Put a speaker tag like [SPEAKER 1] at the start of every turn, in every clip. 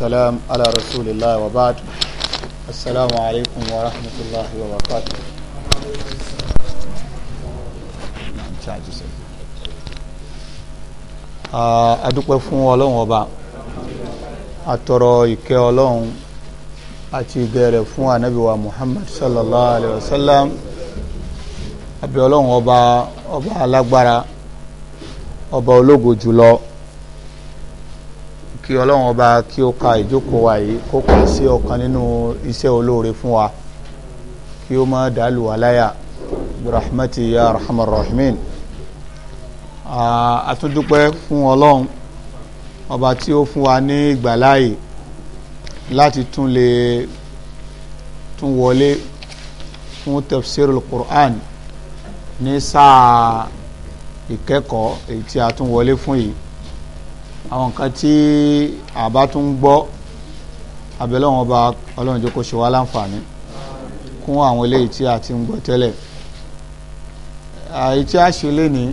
[SPEAKER 1] والسلام على رسول الله وبعد السلام عليكم ورحمة الله وبركاته adúpẹ́ fún ọlọ́run ọba àtọ̀rọ̀ ìkẹ́ ọlọ́run àti ìgẹ̀rẹ̀ fún ànábìwá Muhammad sallallahu alayhi wa sallam àbí ọlọ́run ọba ọba alágbára ọba ológo jùlọ kí ọlọ́run ọba kí ó ka ìjókòó wa yìí kó kà sí ọ̀kan nínú iṣẹ́ olóore fún wa kí ó má dàlù wá rahmati ya rahman rahmin a tún dúpẹ́ fún ọlọ́run ọba tí ó fún wa ní ìgbàláyè láti tún lè tún wọlé fún tafsirul Qur'an ní sáà ìkẹ́kọ̀ọ́ èyí tí a tún wọlé fún yìí àwọn nǹkan tí àbá tún gbọ́ abẹ́lẹ́wọ̀n ọba ọlọ́run jókòó ṣe wá láǹfààní kún àwọn eléyìí tí a ti ń gbọ́ tẹ́lẹ̀ àyè tí a ṣe léni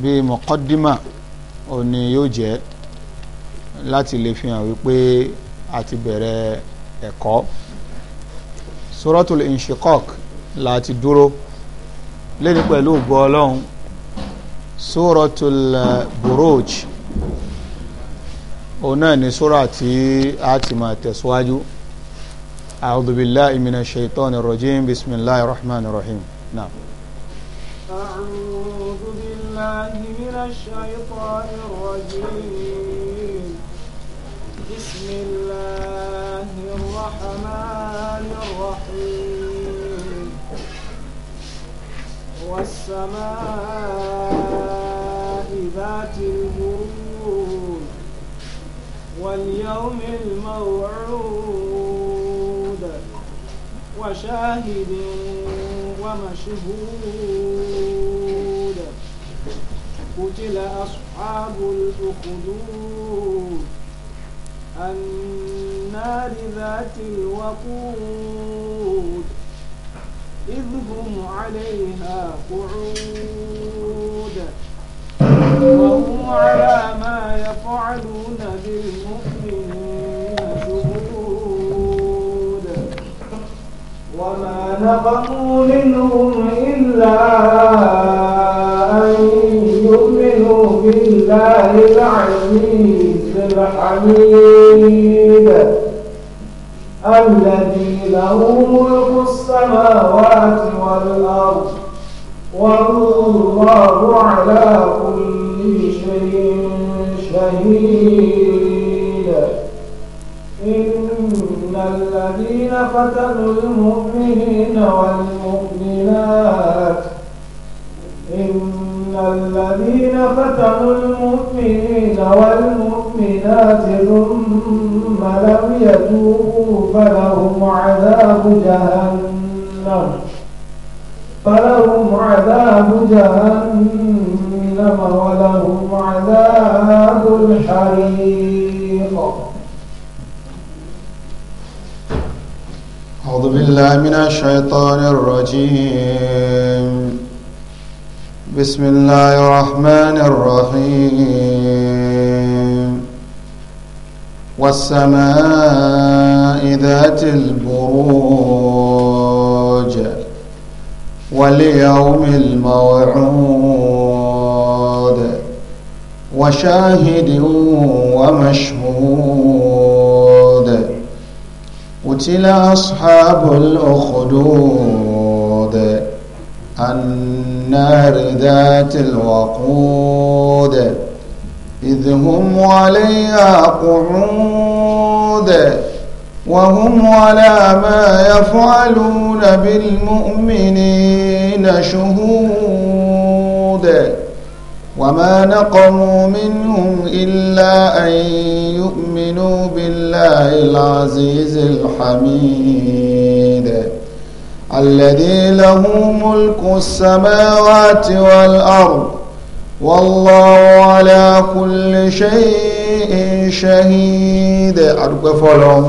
[SPEAKER 1] bíi mọ̀kọ́dímà òní yóò jẹ́ láti lè fi hàn wípé a ti bẹ̀rẹ̀ ẹ̀kọ́ suratul inshiqaq la ti dúró léni pẹ̀lú ògbọ́ ọlọ́run suratul buruj òun náà ni sura tí a ti máa tẹ̀síwájú a'udhu billahi minash shaitani rajim bismillahir rahmanir rahim náà.
[SPEAKER 2] a'udhu billahi minash shaitani والسماء ذات البروج واليوم الموعود وشاهد ومشهود قتل أصحاب الأخدود النار ذات الوقود إذ هم عليها قعود وهم على ما يفعلون بالمؤمنين شهود وما نقموا منهم إلا أن يؤمنوا بالله العزيز الحميد الذي له ملك السماوات والأرض والله على كل شيء شهيد إن الذين فتنوا المؤمنين والمؤمنات إن الذين فتنوا المؤمنين والمؤمنات ثم لم يتوبوا عذاب جهنم فلهم عذاب جهنم ولهم عذاب الحريق
[SPEAKER 1] أعوذ بالله من الشيطان الرجيم بسم الله الرحمن الرحيم والسماء ذات البروج واليوم الموعود وشاهد ومشهود قتل أصحاب الأخدود النار ذات الوقود إذ هم عليها قعود وهم على ما يفعلون بالمؤمنين شهود وما نقموا منهم إلا أن يؤمنوا بالله العزيز الحميد الذي له ملك السماوات والأرض والله على كل شيء شهيد àdúpẹ́ fọ́lọ́run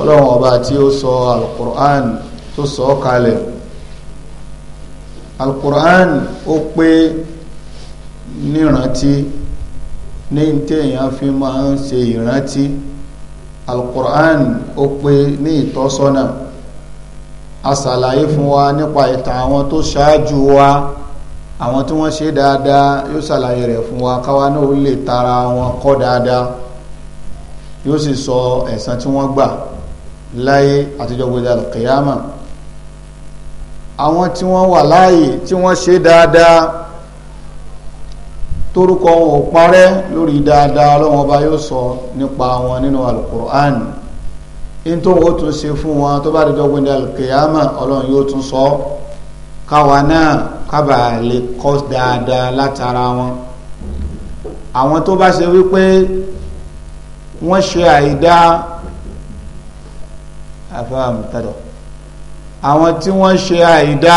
[SPEAKER 1] ọlọ́run ọba tí ó sọ alukur'an tó sọ ọ́ kalẹ̀ alukur'an ó pé nírántí ní téèyàn fi máa ń ṣe ìrántí alukur'an ó pé ní ìtọ́sọ́nà a ṣàlàyé fún wa nípa ìtàn àwọn tó ṣáájú wa àwọn tí wọ́n ṣe dáadáa yóò ṣàlàyé rẹ̀ fún wa káwa náà ó lè tara wọn kọ́ dáadáa yóò sì sọ ẹ̀san tí wọ́n gbà láyé àtijọ́ gbẹdẹ àlùkìyàmà àwọn tí wọ́n wà láàyè tí wọ́n ṣe dáadáa torúkọ ò parẹ́ lórí dáadáa ọlọ́wọ́n ọba yóò sọ nípa wọn nínú alukur'an ní tó wọ́n tún ṣe fún wọn tó bá dẹjọ́ gbẹdẹ àlùkìyàmà ọlọ́run yóò tún sọ ọ́ káwa náà kábà lè kọ́ dáadáa látara wọn àwọn tó bá ṣe wípé wọ́n ṣe àìdá àfàmùtàdọ̀ àwọn tí wọ́n ṣe àìdá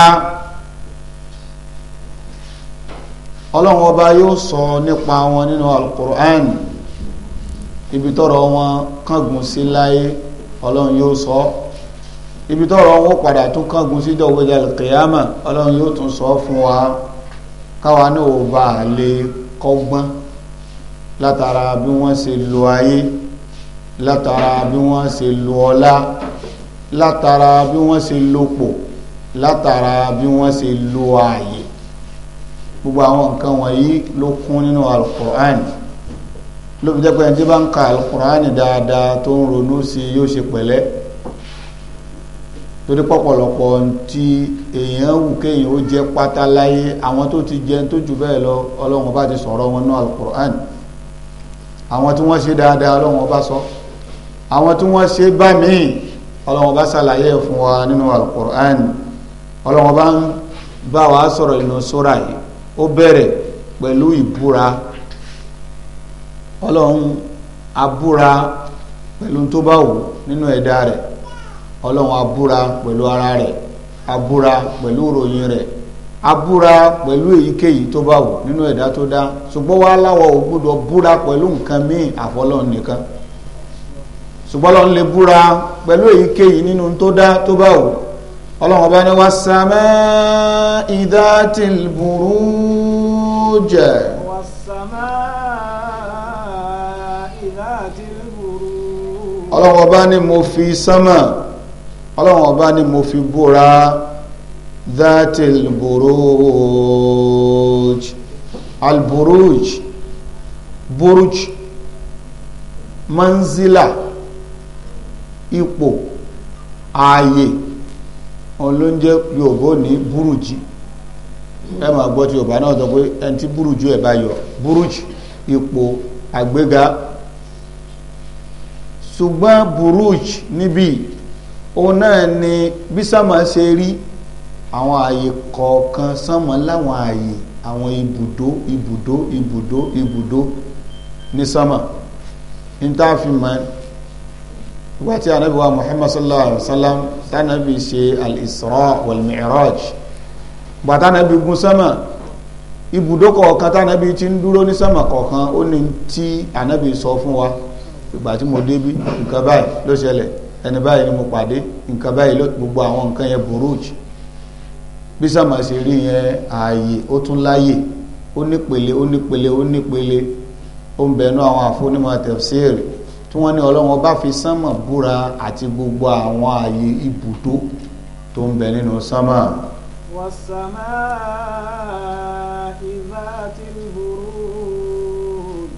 [SPEAKER 1] ọlọ́run ọba yóò sọ nípa wọn nínú alukur'an ibi tọ́rọ̀ wọn kángun sí láyé ọlọ́run yóò sọ ọ́ ibi tọ́rọ owó padà tó kángun sí dọ̀wẹ́dẹ̀ kìyàmà ọlọ́run yóò tún sọ fún wa káwa náà ò bá a lè kọ́gbọ́n látara bí wọ́n ṣe lo ayé látara bí wọ́n ṣe lo ọlá látara bí wọ́n ṣe lopò látara bí wọ́n ṣe lo ààyè gbogbo àwọn nǹkan wọ̀nyí ló kún nínú alukur'an ló fi jẹ́ pé ẹni tí bá ń ka alukur'an dáadáa tó ń ronú sí yóò ṣe pẹ̀lẹ́ torí pọ̀pọ̀lọpọ̀ tí èèyàn wù kéèyàn ó jẹ́ pátá láyé àwọn tó ti jẹun tó jù bẹ́ẹ̀ lọ ọlọ́run bá ti sọ̀rọ̀ wọn náà alukur'an àwọn tí wọ́n ṣe dáadáa ọlọ́run bá sọ àwọn tí wọ́n ṣe bá míì ọlọ́run bá ṣàlàyé fún wa nínú alukur'an ọlọ́run bá ń bá wa sọ̀rọ̀ inú sóra yìí ó bẹ̀rẹ̀ pẹ̀lú ìbúra ọlọ́run abúra pẹ̀lú tó bá wù nínú ẹ̀dá rẹ̀ ọlọ́run abúra pẹ̀lú ara rẹ̀ abúra pẹ̀lú ìròyìn rẹ̀ abúra pẹ̀lú èyíkéyìí tó bá wù nínú ẹ̀dá tó dá ṣùgbọ́n wàá láwọ̀ ò gbọ́dọ̀ búra pẹ̀lú nǹkan míì àfọlọ́run nìkan ṣùgbọ́n lọ́n lè búra pẹ̀lú èyíkéyìí nínú tó dá tó bá wù ọlọ́run ọba ní was-samā'i dhātil burūj.
[SPEAKER 2] was-samā'i
[SPEAKER 1] ọlọ́run ọba ní mo fi sánmà ọlọ́run ọba ni mo fi búra dhatil buruj alburuj buruj manzila ipò ààyè olóúnjẹ yorùbá ní burújì ẹ máa gbọ́ tí yorùbá náà sọ pé ẹni tí burújù ẹ̀ bá yọ burújì ipò àgbéga ṣùgbọ́n burújì níbí òun náà ni bí sánmà ṣe rí àwọn ààyè kọ̀ọ̀kan sánmà láwọn ààyè àwọn ibùdó ibùdó ibùdó ibùdó ní sánmà nítafimọ̀ ìgbà tí anabi wa muhammad sallallahu alaihi wa sallam tanabi ṣe al-isra wal-mi'raj gbàtà anabi gun sánmà ibùdó kọ̀ọ̀kan tánàbí ti ń dúró ní sánmà kọ̀ọ̀kan ó ní tí anabi sọ fún wa ìgbà tí mo débi nǹkan báyìí ló ṣẹlẹ̀ ẹni báyìí ni mo pàdé nǹkan báyìí ló gbogbo àwọn nǹkan yẹn burúj bí sàmà sì rí yẹn ààyè ó tún láyè ó nípele ó nípele ó nípele ó ń bẹnu àwọn àfúnímọ̀ tí wọ́n ní ọlọ́run ọba fi sánmà búra àti gbogbo àwọn ààyè ibùdó tó ń bẹ nínú sánmà.
[SPEAKER 2] wàsàmà ìbá ti burúj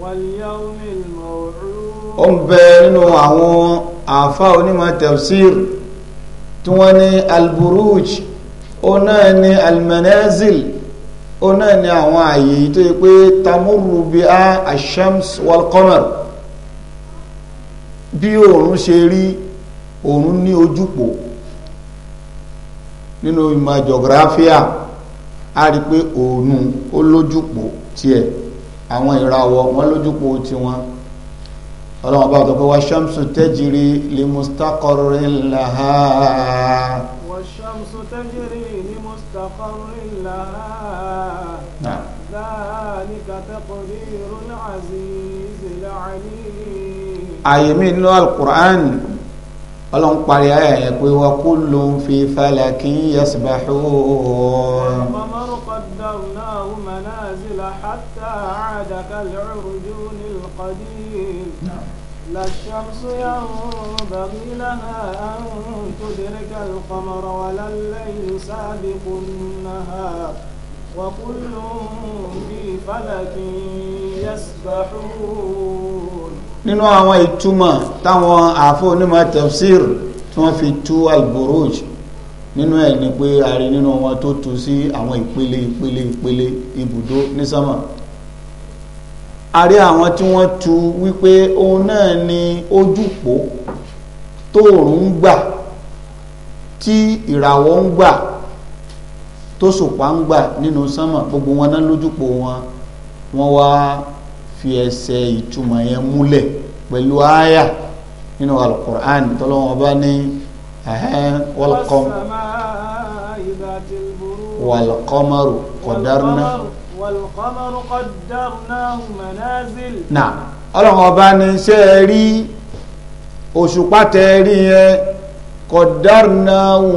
[SPEAKER 2] wàlíyàwó
[SPEAKER 1] mi lọ́rùn ó ń bẹ nínú àwọn àfa onímọ̀ tafsir tí wọ́n ní alburuj ó náà ní almanazil ó náà ní àwọn àyè tó yẹ pé tamuru bíi ashams walqamar bí òòrùn ṣe rí òòrùn ní ojúpò nínú ìmọ̀ jọ̀gráfíà a rí pé òòrùn ó lójúpò tiẹ̀ àwọn ìràwọ̀ wọn lójúpò tiwọn ọlọ́run ọba ọ̀tọ̀ pé wá ṣọ́mṣù tẹ́jìrì lè mustaqarri laha.
[SPEAKER 2] wá ṣọ́mṣù tẹ́jìrì lè mustaqarri laha.
[SPEAKER 1] dhalika taqdirul azizil alim. àyè mi nínú alukur'an ọlọ́run parí ayé pé wọ́n pé wa n fi falakin yasbahun. ọmọ
[SPEAKER 2] قدرناه منازل حتى عاد كالعرجون القديم لا الشمس ينبغي لها أن تدرك القمر ولا الليل سابق النهار وكل في فلك يسبحون
[SPEAKER 1] nínú àwọn ìtumọ̀ táwọn àfọ onímọ̀ tafsir tí wọ́n fi tú alburuj nínú ẹ̀ ni pé a rí nínú wọn tó tú sí àwọn ìpele ìpele ìpele ibùdó ní sánmà àrí àwọn tí wọ́n tu wípé òun náà ni ojúpó tóòrùn ń gbà tí ìràwọ̀ ń gbà tó sòpá ń gbà nínú sánmà gbogbo wọn náà lójúpó wọn wọ́n wá fi ẹsẹ̀ ìtumọ̀ yẹn múlẹ̀ pẹ̀lú àyà nínú alukur'an tọ́lọ́wọ́n bá ní wal qamar wal
[SPEAKER 2] والقمر قدرناه منازل
[SPEAKER 1] نعم ọlọ́run ọba ní ṣe rí òṣùpá tẹ rí yẹn qaddarnahu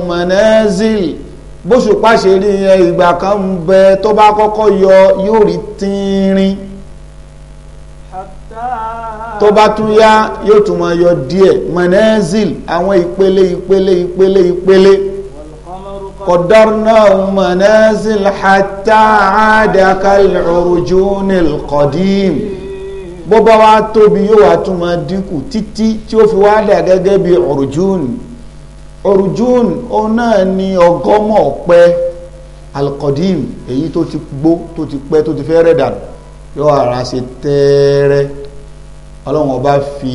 [SPEAKER 1] bóṣùpá ṣe rí yẹn ìgbà kan bẹ tó bá kọ́kọ́ yọ yóò rí tínrín tó bá tún yá yóò tún قدرناه منازل حتى عاد كالعرجون القديم bó bá wá tóbi yóò wá tún máa dínkù títí tí ó fi wá dà gẹ́gẹ́ bí ọ̀rùjún ọ̀rùjún òun náà ni ọgọ́mọ̀ ọ̀pẹ alqadim èyí tó ti gbó tó ti pẹ́ tó ti fẹ́ rẹ̀ dànù yóò ara ṣe tẹ́ẹ́rẹ́ ọlọ́run ọba fi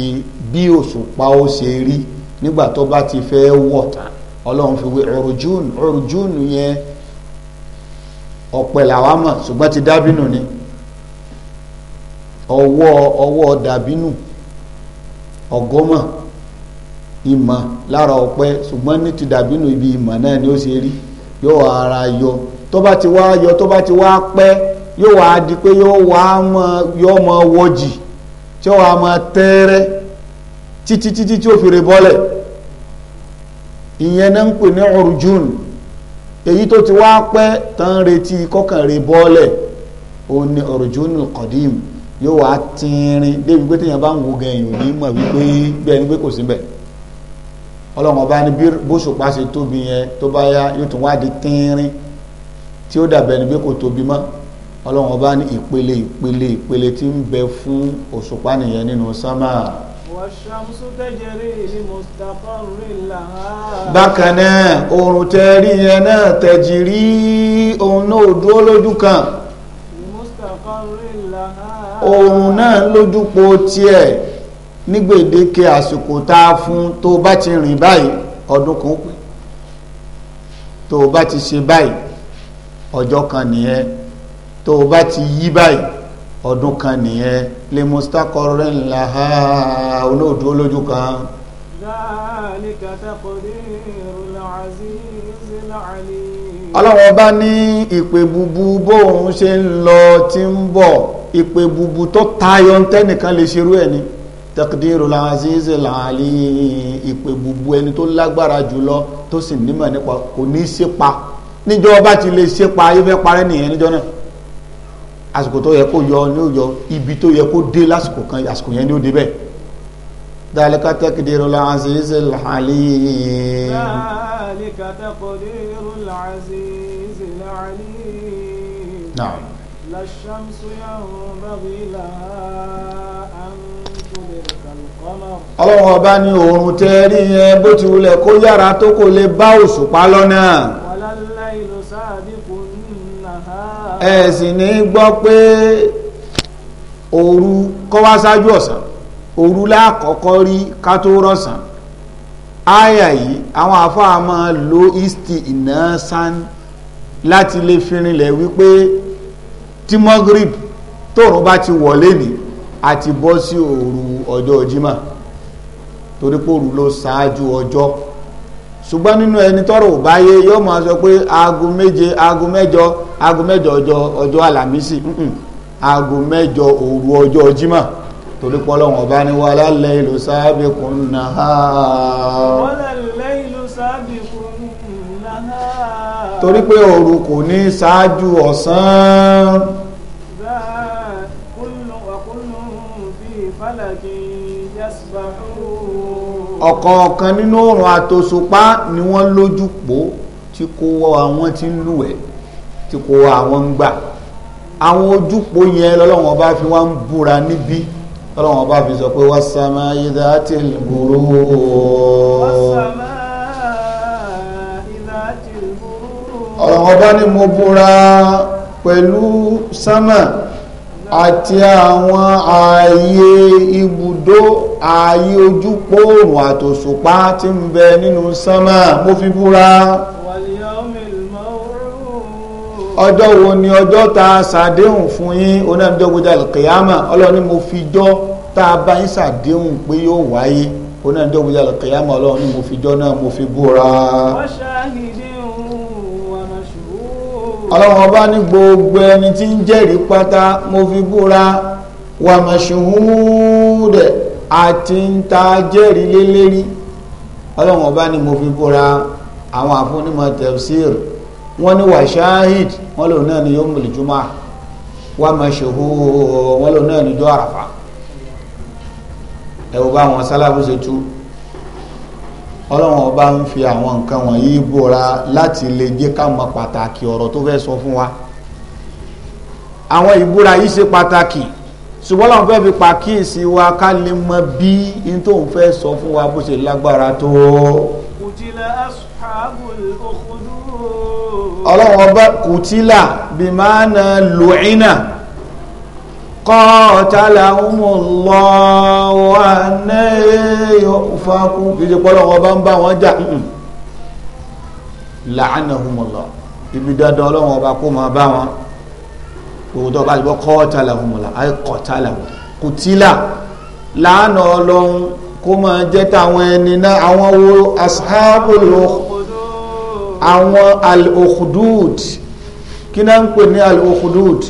[SPEAKER 1] bí òṣùpá ó ṣe rí nígbà tó bá ti fẹ́ wọ̀ tán ọlọ́run fi wé ọ̀rùjúùn ọ̀rùjúùn yẹn làwa ṣùgbọ́n ti dábínú ni ọwọ́ ọwọ́ dàbínú ọgọ́mọ̀ ìmọ̀ lára ọpẹ ṣùgbọ́n ní ti dàbínú ibi ìmọ̀ náà ni ó ṣe rí yóò ara yọ tó bá ti wá yọ tó ti wá pẹ́ pé yóò wá mọ yóò mọ wọ́jì tí ó wá mọ tẹ́rẹ́ títí títí tí ó ìyẹn náà ń pè ní urjun èyí tó ti wá pẹ́ tán retí kọkànrẹ́ bọ́ọ̀lẹ̀ òun ni urjunul qadim yóò wá tínrín débi pé téèyàn bá ń wo gan èèyàn mọ̀ wípé bẹ́ẹ̀ ni pé kò síbẹ̀ ọlọ́run ọba ni bó ṣùpá ṣe tóbi yẹn tó bá yá yóò tún wá di tínrín tí ó dàbẹ̀ ni pé kò tóbi mọ́ ọlọ́run ọba ìpele ìpele ìpele ń bẹ fún òṣùpá nìyẹn bákan náà oòrùn tẹ rí yẹn náà tẹ̀jì rí òun náà dúró lójú kan oòrùn náà lójúpo tiẹ̀ ní gbèdéke àsìkò tá a fún tó bá ti rìn báyìí ọdún kan pé tó bá ti ṣe báyìí ọjọ́ kan nìyẹn tó bá ti yí báyìí ọdún kan nìyẹn lè mustakọrẹ ńlá ha olóòdú olójú kan. ọlọ́wọ́ bá ní ìpè bubu bóun ṣe ń lọ tí ń bọ̀ ìpè bubu tó tayọ ntẹ́nìkan lè ṣerú ẹ̀ ni tẹkidiru làzízi làálí ìpè bubu ẹni tó lágbára jùlọ tó sì nímọ̀ nípa kò ní í ṣe pa níjọ́ ti lè ṣe pa ayé fẹ́ parẹ́ nìyẹn níjọ́ náà àsìkò tó yẹ kó yọ ni ó yọ ibi tó yẹ kó dé lásìkò kan àsìkò yẹn ni ó dé bẹ́ẹ̀ dàlíkà tẹ́kìdìrò làásìsì làálì.
[SPEAKER 2] dàlíkà tẹ́kìdìrò làásìsì làálì. naam. للشمس ينبغي لها أن
[SPEAKER 1] تدرك القمر ọlọ́run ní oòrùn tẹ́rí yẹn bó ti wulẹ̀ kó yára tó kò lè bá òṣùpá lọ́nà. ẹ sì ní gbọ́ pé òru kọ́ wá ṣáájú ọ̀sán òru lákọ̀ọ́kọ́ rí ká tó rọ̀sán àyà yìí àwọn àfáà máa lo isti iná san láti lè fi wípé tí tóòrùn bá ti wọlé ní àti bọ́ sí òru ọjọ́ jímà torí pé òru ló ọjọ́ ṣùgbọ́n nínú ẹni tọrọ ò bá yé yóò máa sọ pé aago méje aago mẹ́jọ aago mẹ́jọ ọjọ́ ọjọ́ àlàmísì aago mẹ́jọ òru ọjọ́ jímọ̀ torí pọ́lọ́wọ́n ọba ní wàhálà lẹ́yìn ló kún náà. wàhálà ọ̀kọ̀ọ̀kan nínú òrùn àtòṣùpá ni wọ́n lójú pò tí kò wọ àwọn tí ń lùwẹ̀ tí kò wọ àwọn ń gbà àwọn ojúpò yẹn lọ́lọ́wọ́n bá fi wá ń búra níbí lọ́lọ́wọ́n bá fi sọ pé was-samā'i dhātil burūj. ọ̀rọ̀ wọn bá ní mo búra pẹ̀lú sámà àti àwọn ààyè ibùdó ààyè ojúpòòrùn àtòṣùpá tí ń bẹ nínú sánmà mo fi búra ọjọ́ wo ni ọjọ́ ta ṣàdéhùn fún yín onáàdọ́ gbọ́dọ̀ alkiyama ọlọ́ni mo fi jọ́ tá a bá yín ṣàdéhùn pé yóò wáyé onáàdọ́ gbọ́dọ̀ alkiyama ọlọ́ni mo fi jọ́ náà mo fi búra. wọ́n ṣáà ọlọ́run ọba ní gbogbo ẹni tí ń jẹ́rìí pátá mo fi búra wà màṣúhúdẹ̀ àti ń ta jẹ́rìí lélẹ́rí ọlọ́run ọba ní mo fi búra àwọn àfúnímọ̀ tafsir wọ́n ní wà ṣáhid wọ́n lòun náà ní yawmul jumu'ah wà màṣúhúdẹ̀ wọ́n lòun náà ní jọ́ àràfà ẹ̀wọ̀ bá wọn sálábù ṣe ọlọ́run ọba ń fi àwọn nǹkan wọ̀nyí bóra láti lè jẹ́ ká pàtàkì ọ̀rọ̀ tó fẹ́ sọ fún wa àwọn ìbúra yìí ṣe pàtàkì ṣùgbọ́n làwọn fẹ́ fi pàkíyèsí wa ká lè mọ bí n tó ń fẹ́ sọ fún wa bó ṣe lágbára tó.
[SPEAKER 2] kùtìlà ashabul ọlọ́run ọba
[SPEAKER 1] kùtìlà bìmánà lùínà qatalahumullahu wa anna yufakun ìdí pọ́lọ́ wọn bá ń bá wọn jà la'anahumullah ibi dandan ọlọ́wọ́n ọba kó máa bá wọn òun tó bá ti bọ́ qatalahumullah ayé qatalahum kùtìlà lánà ọlọ́run kó máa jẹ́ táwọn ẹni náà àwọn wo ashabul àwọn al-ukhdud kí náà ń pè ní al-ukhdud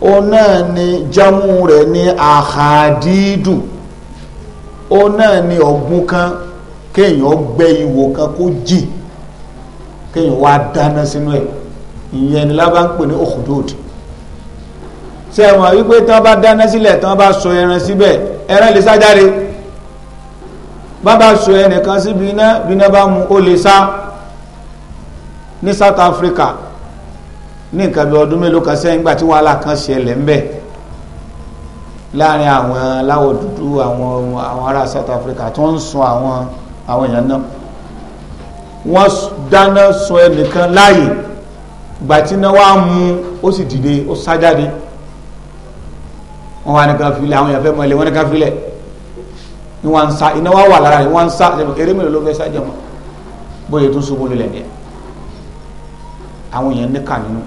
[SPEAKER 1] òun náà ni jamu rẹ̀ ni àhàdídù òun náà ni ọ̀gbun kan kéèyàn gbẹ́ ihò kan kó jì kéèyàn wá dáná sínú ẹ̀ ìyẹn ni lábá ń pè ní òkúdòdì ṣe mọ̀ wípé tí wọ́n bá dáná sílẹ̀ tí wọ́n bá sọ ẹran síbẹ̀ ẹran lè sá bá bá sọ ẹnìkan síbi iná bí iná bá mu ó lè sá ní South Africa ní nǹkan bí ọdún mélòó kan sẹ́yìn gbà tí wàhálà kan ṣẹlẹ̀ ń bẹ̀ láàrin àwọn aláwọ̀ dúdú àwọn àwọn ará South Africa tó ń sun àwọn àwọn èèyàn náà wọ́n dáná sun ẹnìkan láàyè gbà tí náà wàá mú ó sì dìde ó sá jáde wọ́n wá ní kan filẹ̀ àwọn èèyàn fẹ́ mọ ilé wọ́n ní kan filẹ̀ wọ́n ń sá iná wá wà lára rẹ̀ wọ́n ń sá eré mélòó ló fẹ́ sá jẹun bóyá ètò ṣubú lulẹ̀ díẹ̀ àwọn èèyàn níkà nínú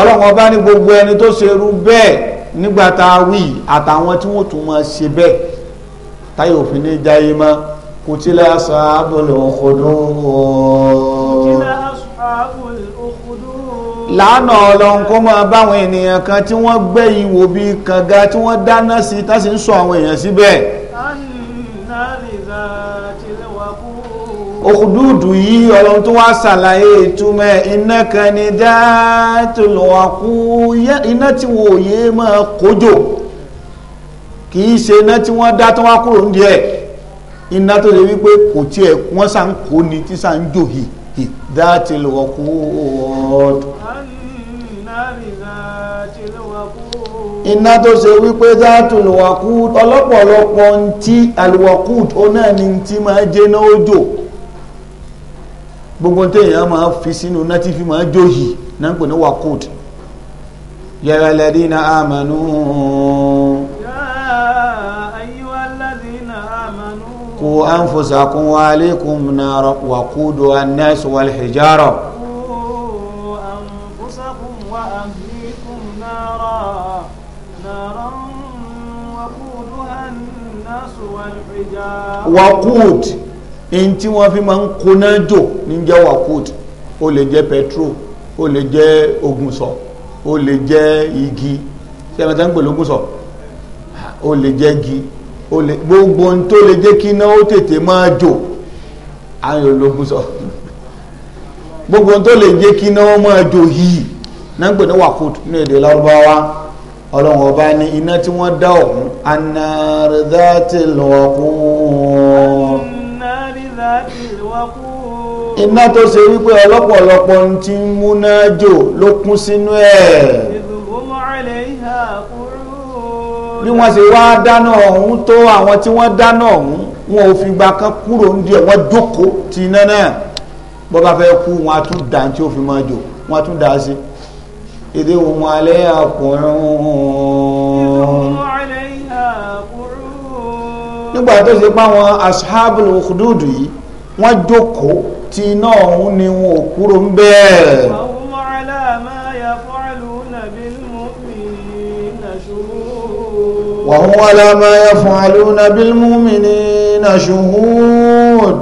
[SPEAKER 1] ọlọ́run ọba ní gbogbo ẹni tó ṣe irú bẹ́ẹ̀ nígbà tá a wí àtàwọn tí wọ́n tún máa ṣe bẹ́ẹ̀ táyà òfin ní jáyé mọ́ kùtìlẹ̀ ashabul ukhdud lánà ọlọ́run kó máa báwọn ènìyàn kan tí wọ́n gbẹ́ ihò bíi kànga tí wọ́n dáná sí tá sì ń sọ àwọn èèyàn síbẹ̀ òkùdúdù yìí ọlọ́run tó wá ṣàlàyé ìtumọ̀ iná kan ní dáàtòlù àkú iná tí wò yé máa kójò kì í ṣe iná tí wọ́n dá tó wá kúrò ń díẹ̀ iná tó lè wípé kò tiẹ̀ wọ́n sá ń kó ni tí sá ń jò hì hì dáàtòlù àkú ọ̀ọ́dù iná tó ṣe wípé dáàtò lùwàkú ọlọ́pọ̀lọpọ̀ ntí àlùwàkú ó náà ni ntí máa jẹ́ náà ó jò gbogbo téèyàn máa fi sínú náà tí fi máa jóyìí náà ń pè ní wakud yàrá lẹ́dínà àmànú. ku anfusakum wa alaykum nara wa kudu an-nas wal hijara.
[SPEAKER 2] waqud
[SPEAKER 1] in tí wọ́n fi máa ń koná jò ní jẹ́ wakut ó lè jẹ́ petro ó lè jẹ́ ògùnsọ̀ ó lè jẹ́ igi ṣé ẹ máa tẹ́ ń pè lógùnsọ̀ ó lè jẹ́ igi ó lè gbogbo ohun tó lè jẹ́ kí iná ó tètè máa jò ayò lógùnsọ̀ gbogbo ohun tó lè jẹ́ kí iná ó máa jò yìí náà ń pè ní wakut ní èdè lárúbáwá ọlọ́run ọba ní iná tí wọ́n dá ọ̀hún anárẹ́dá tìlọ́kùn iná tó ṣe wípé ọlọ́pọ̀lọpọ̀ ń ti múná jò ló kún sínú ẹ̀ bí wọ́n ṣe wá dáná ọ̀hún tó àwọn tí wọ́n dáná ọ̀hún wọn ò fi gba kan kúrò ń di ẹ̀ jókòó ti iná náà bọ́ bá fẹ́ kú wọn a tún dà tí ó fi máa jò wọn a tún dà á sí èdè òun alẹ́ àkùnrin nígbà tó ṣe pa àwọn ashabul ukhdud yìí wọ́n jókòó tí iná ọ̀hún ni wọn ò kúrò ń bẹ́ẹ̀. wa
[SPEAKER 2] hum ala ma yaf'aluna
[SPEAKER 1] bil mu'minina shuhud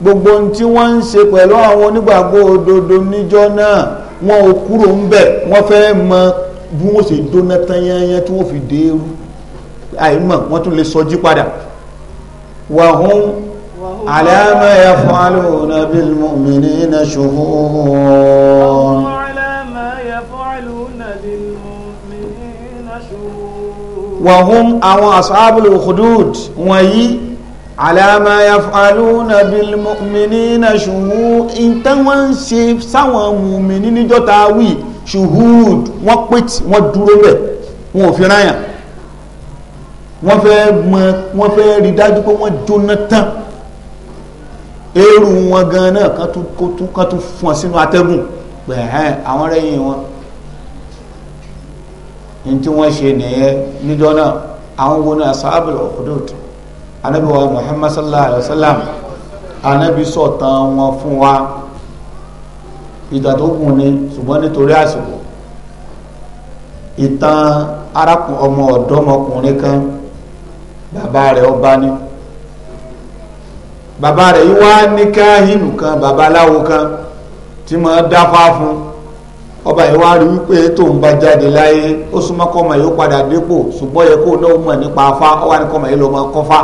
[SPEAKER 1] gbogbo tí wọ́n ń ṣe pẹ̀lú àwọn onígbàgbọ́ òdodo níjọ́ náà wọn ò kúrò ń bẹ̀ wọ́n fẹ́ mọ bí wọ́n ṣe dóná tán tí wọ́n fi dé àìmọ̀ wọ́n tún lè sọjí padà wa على ما يفعلون بالمؤمنين شهود وهم أو أصحاب الخدود وي على ما يفعلون بالمؤمنين شهود إن تنسي سوى مؤمنين جتاوي شهود وقت ودروبة وفي رايه wọ́n fẹ́ rí dájú pé wọ́n jóná tán eru wọn gan náà kan tún kó tún kan tún fún ọ sínú atẹ́gùn pé ẹ̀hẹ́n àwọn rẹ́yìn wọn ní tí wọ́n ṣe nìyẹn níjọ́ náà àwọn wo náà sábàbìlì ọ̀kọ́dọ̀t anabi wa muhammad sallallahu alayhi wa sallam anabi sọ̀tàn wọn fún wa ìgbà tó kù ni ṣùgbọ́n nítorí àsìkò ìtàn arákùn ọmọ ọ̀dọ́mọkùnrin kan bàbá rẹ̀ ọba ni bàbá rẹ̀ yìí wá ní káhínù kan babaláwo kan tí mo dáfá fún ọba yìí wá rí wípé tóun bá jáde láyé ó súnmọ́ kọ́mọ yìí ó padà dépò ṣùgbọ́n yẹ kó o náà mọ̀ nípa afá ó wá ní kọ́mọ yìí ló mọ kọ́fá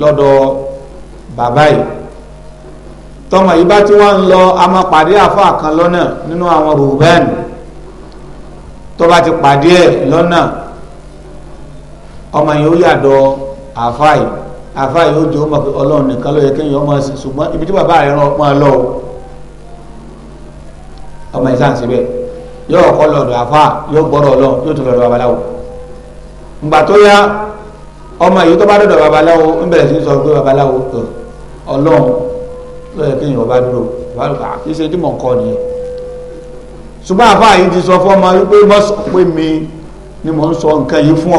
[SPEAKER 1] lọ́dọ̀ bàbá yìí tọmọ yìí bá tí wọ́n ń lọ a pàdé àfáà kan lọ́nà nínú àwọn rubẹ́ẹ̀nì tó bá ti pàdé ẹ̀ lọ́nà ọmọ yìí ó yàdọ̀ àfáà yìí àfa yóò jẹ́ ọmọ ọlọ́run nìkan ló yẹ kéèyàn ọmọ sí ṣùgbọ́n ibi tí bàbá rẹ̀ rán ọmọ lọ ọmọ ìsàn síbẹ̀ yóò kọ́ lọ́dọ̀ àfa yóò gbọ́dọ̀ ọlọ́run yóò tún lọ́dọ̀ babaláwo ìgbà tó yá ọmọ yìí tó bá dọ̀dọ̀ babaláwo ń bẹ̀rẹ̀ sí sọ pé babaláwo ọlọ́run ló yẹ kéèyàn ọba dúró babaláwo kì í ṣe tí mò ń kọ́ nìyẹn ṣùgbọ́n àfa yìí ti sọ fọ́mọ wípé mọ́ pé mi ni mò ń sọ nǹkan yìí fún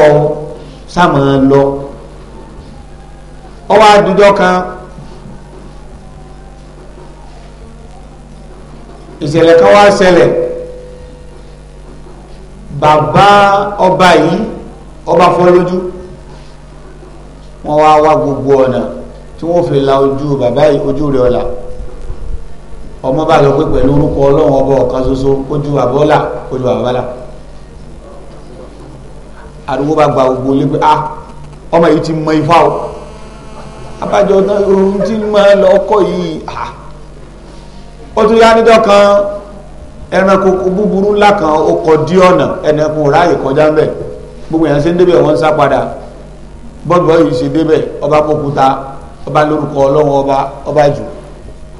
[SPEAKER 1] ọwọ́ àdújọ́ kan ìṣẹ̀lẹ̀ kan wá ṣẹlẹ̀ bàbá ọba yìí ọba fọ́ lójú wọ́n wá wá gbogbo ọ̀nà tí wọ́n fi la ojú bàbá yìí ojú rẹ̀ ọ̀la ọmọ bá lọ pé pẹ̀lú orúkọ ọlọ́run ọba ọ̀kan ṣoṣo ojú bàbá ojú bàbá àdúgbò bá gba gbogbo lé pé ah ọmọ yìí ti mọ ifá o abájọ náà ohun tí máa lọ kọ́ yìí ó tún yá níjọ́ kan ẹranko búburú ńlá kan ó kọ dí ọ̀nà ẹnẹkùn ráàyè kọjá ń bẹ̀ gbogbo èèyàn ṣe ń débẹ̀ wọ́n ń sá padà bọ́ọ̀lù ọ̀yìn ṣe débẹ̀ ọba kókúta ọba lórúkọ ọlọ́run ọba ọba jù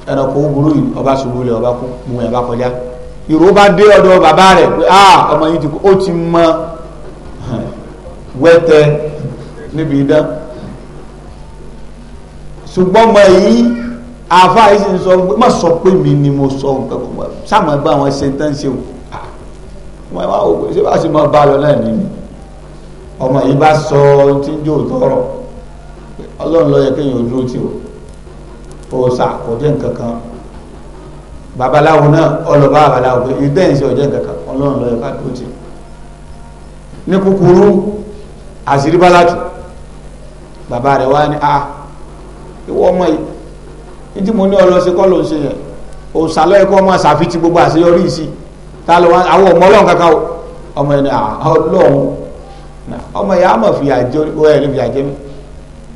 [SPEAKER 1] ẹranko búburú yìí ọba ṣubú lẹ̀ ọba kú gbogbo èèyàn kọjá ìró bá dé ọ̀dọ̀ bàbá rẹ̀ pé ah ọmọ yìí ti kú ó ti mọ wẹ́tẹ níbi idán ṣùgbọ́n ọmọ yìí àfa yìí sì ń sọ pé má sọ pé mi ni mo sọ nǹkan kan sáàmù ẹgbẹ́ àwọn ṣe tán ṣe wọn wá òwe ṣé bá sì máa bá lọ náà nìyí ọmọ yìí bá sọ tí ń jó tọrọ ọlọ́run ló yẹ kéèyàn dúró tì ó òòsà kò jẹ́ nǹkan kan babaláwo náà ọlọ́ba babaláwo pé ìdẹ́ ìṣe ọ̀jẹ́ nǹkan kan ọlọ́run ló ká dúró tì ó ní kúkúrú àṣírí bá látù bàbá rẹ̀ wá ní a. Ah, ìwọ ọmọ yìí ní tí mo ní ọlọ́sẹ̀ kọ́ ló ń ṣe yẹn òsàlọ́ ẹ̀kọ́ ọmọ àṣàfitì gbogbo àṣeyọrí sí ta ló wá àwọn ọmọ ọlọ́run kankan ọmọ ẹni ah, ọlọ́run ọmọ ìyá àmọ̀ fìyà jẹ orí ẹni fìyà jẹ mi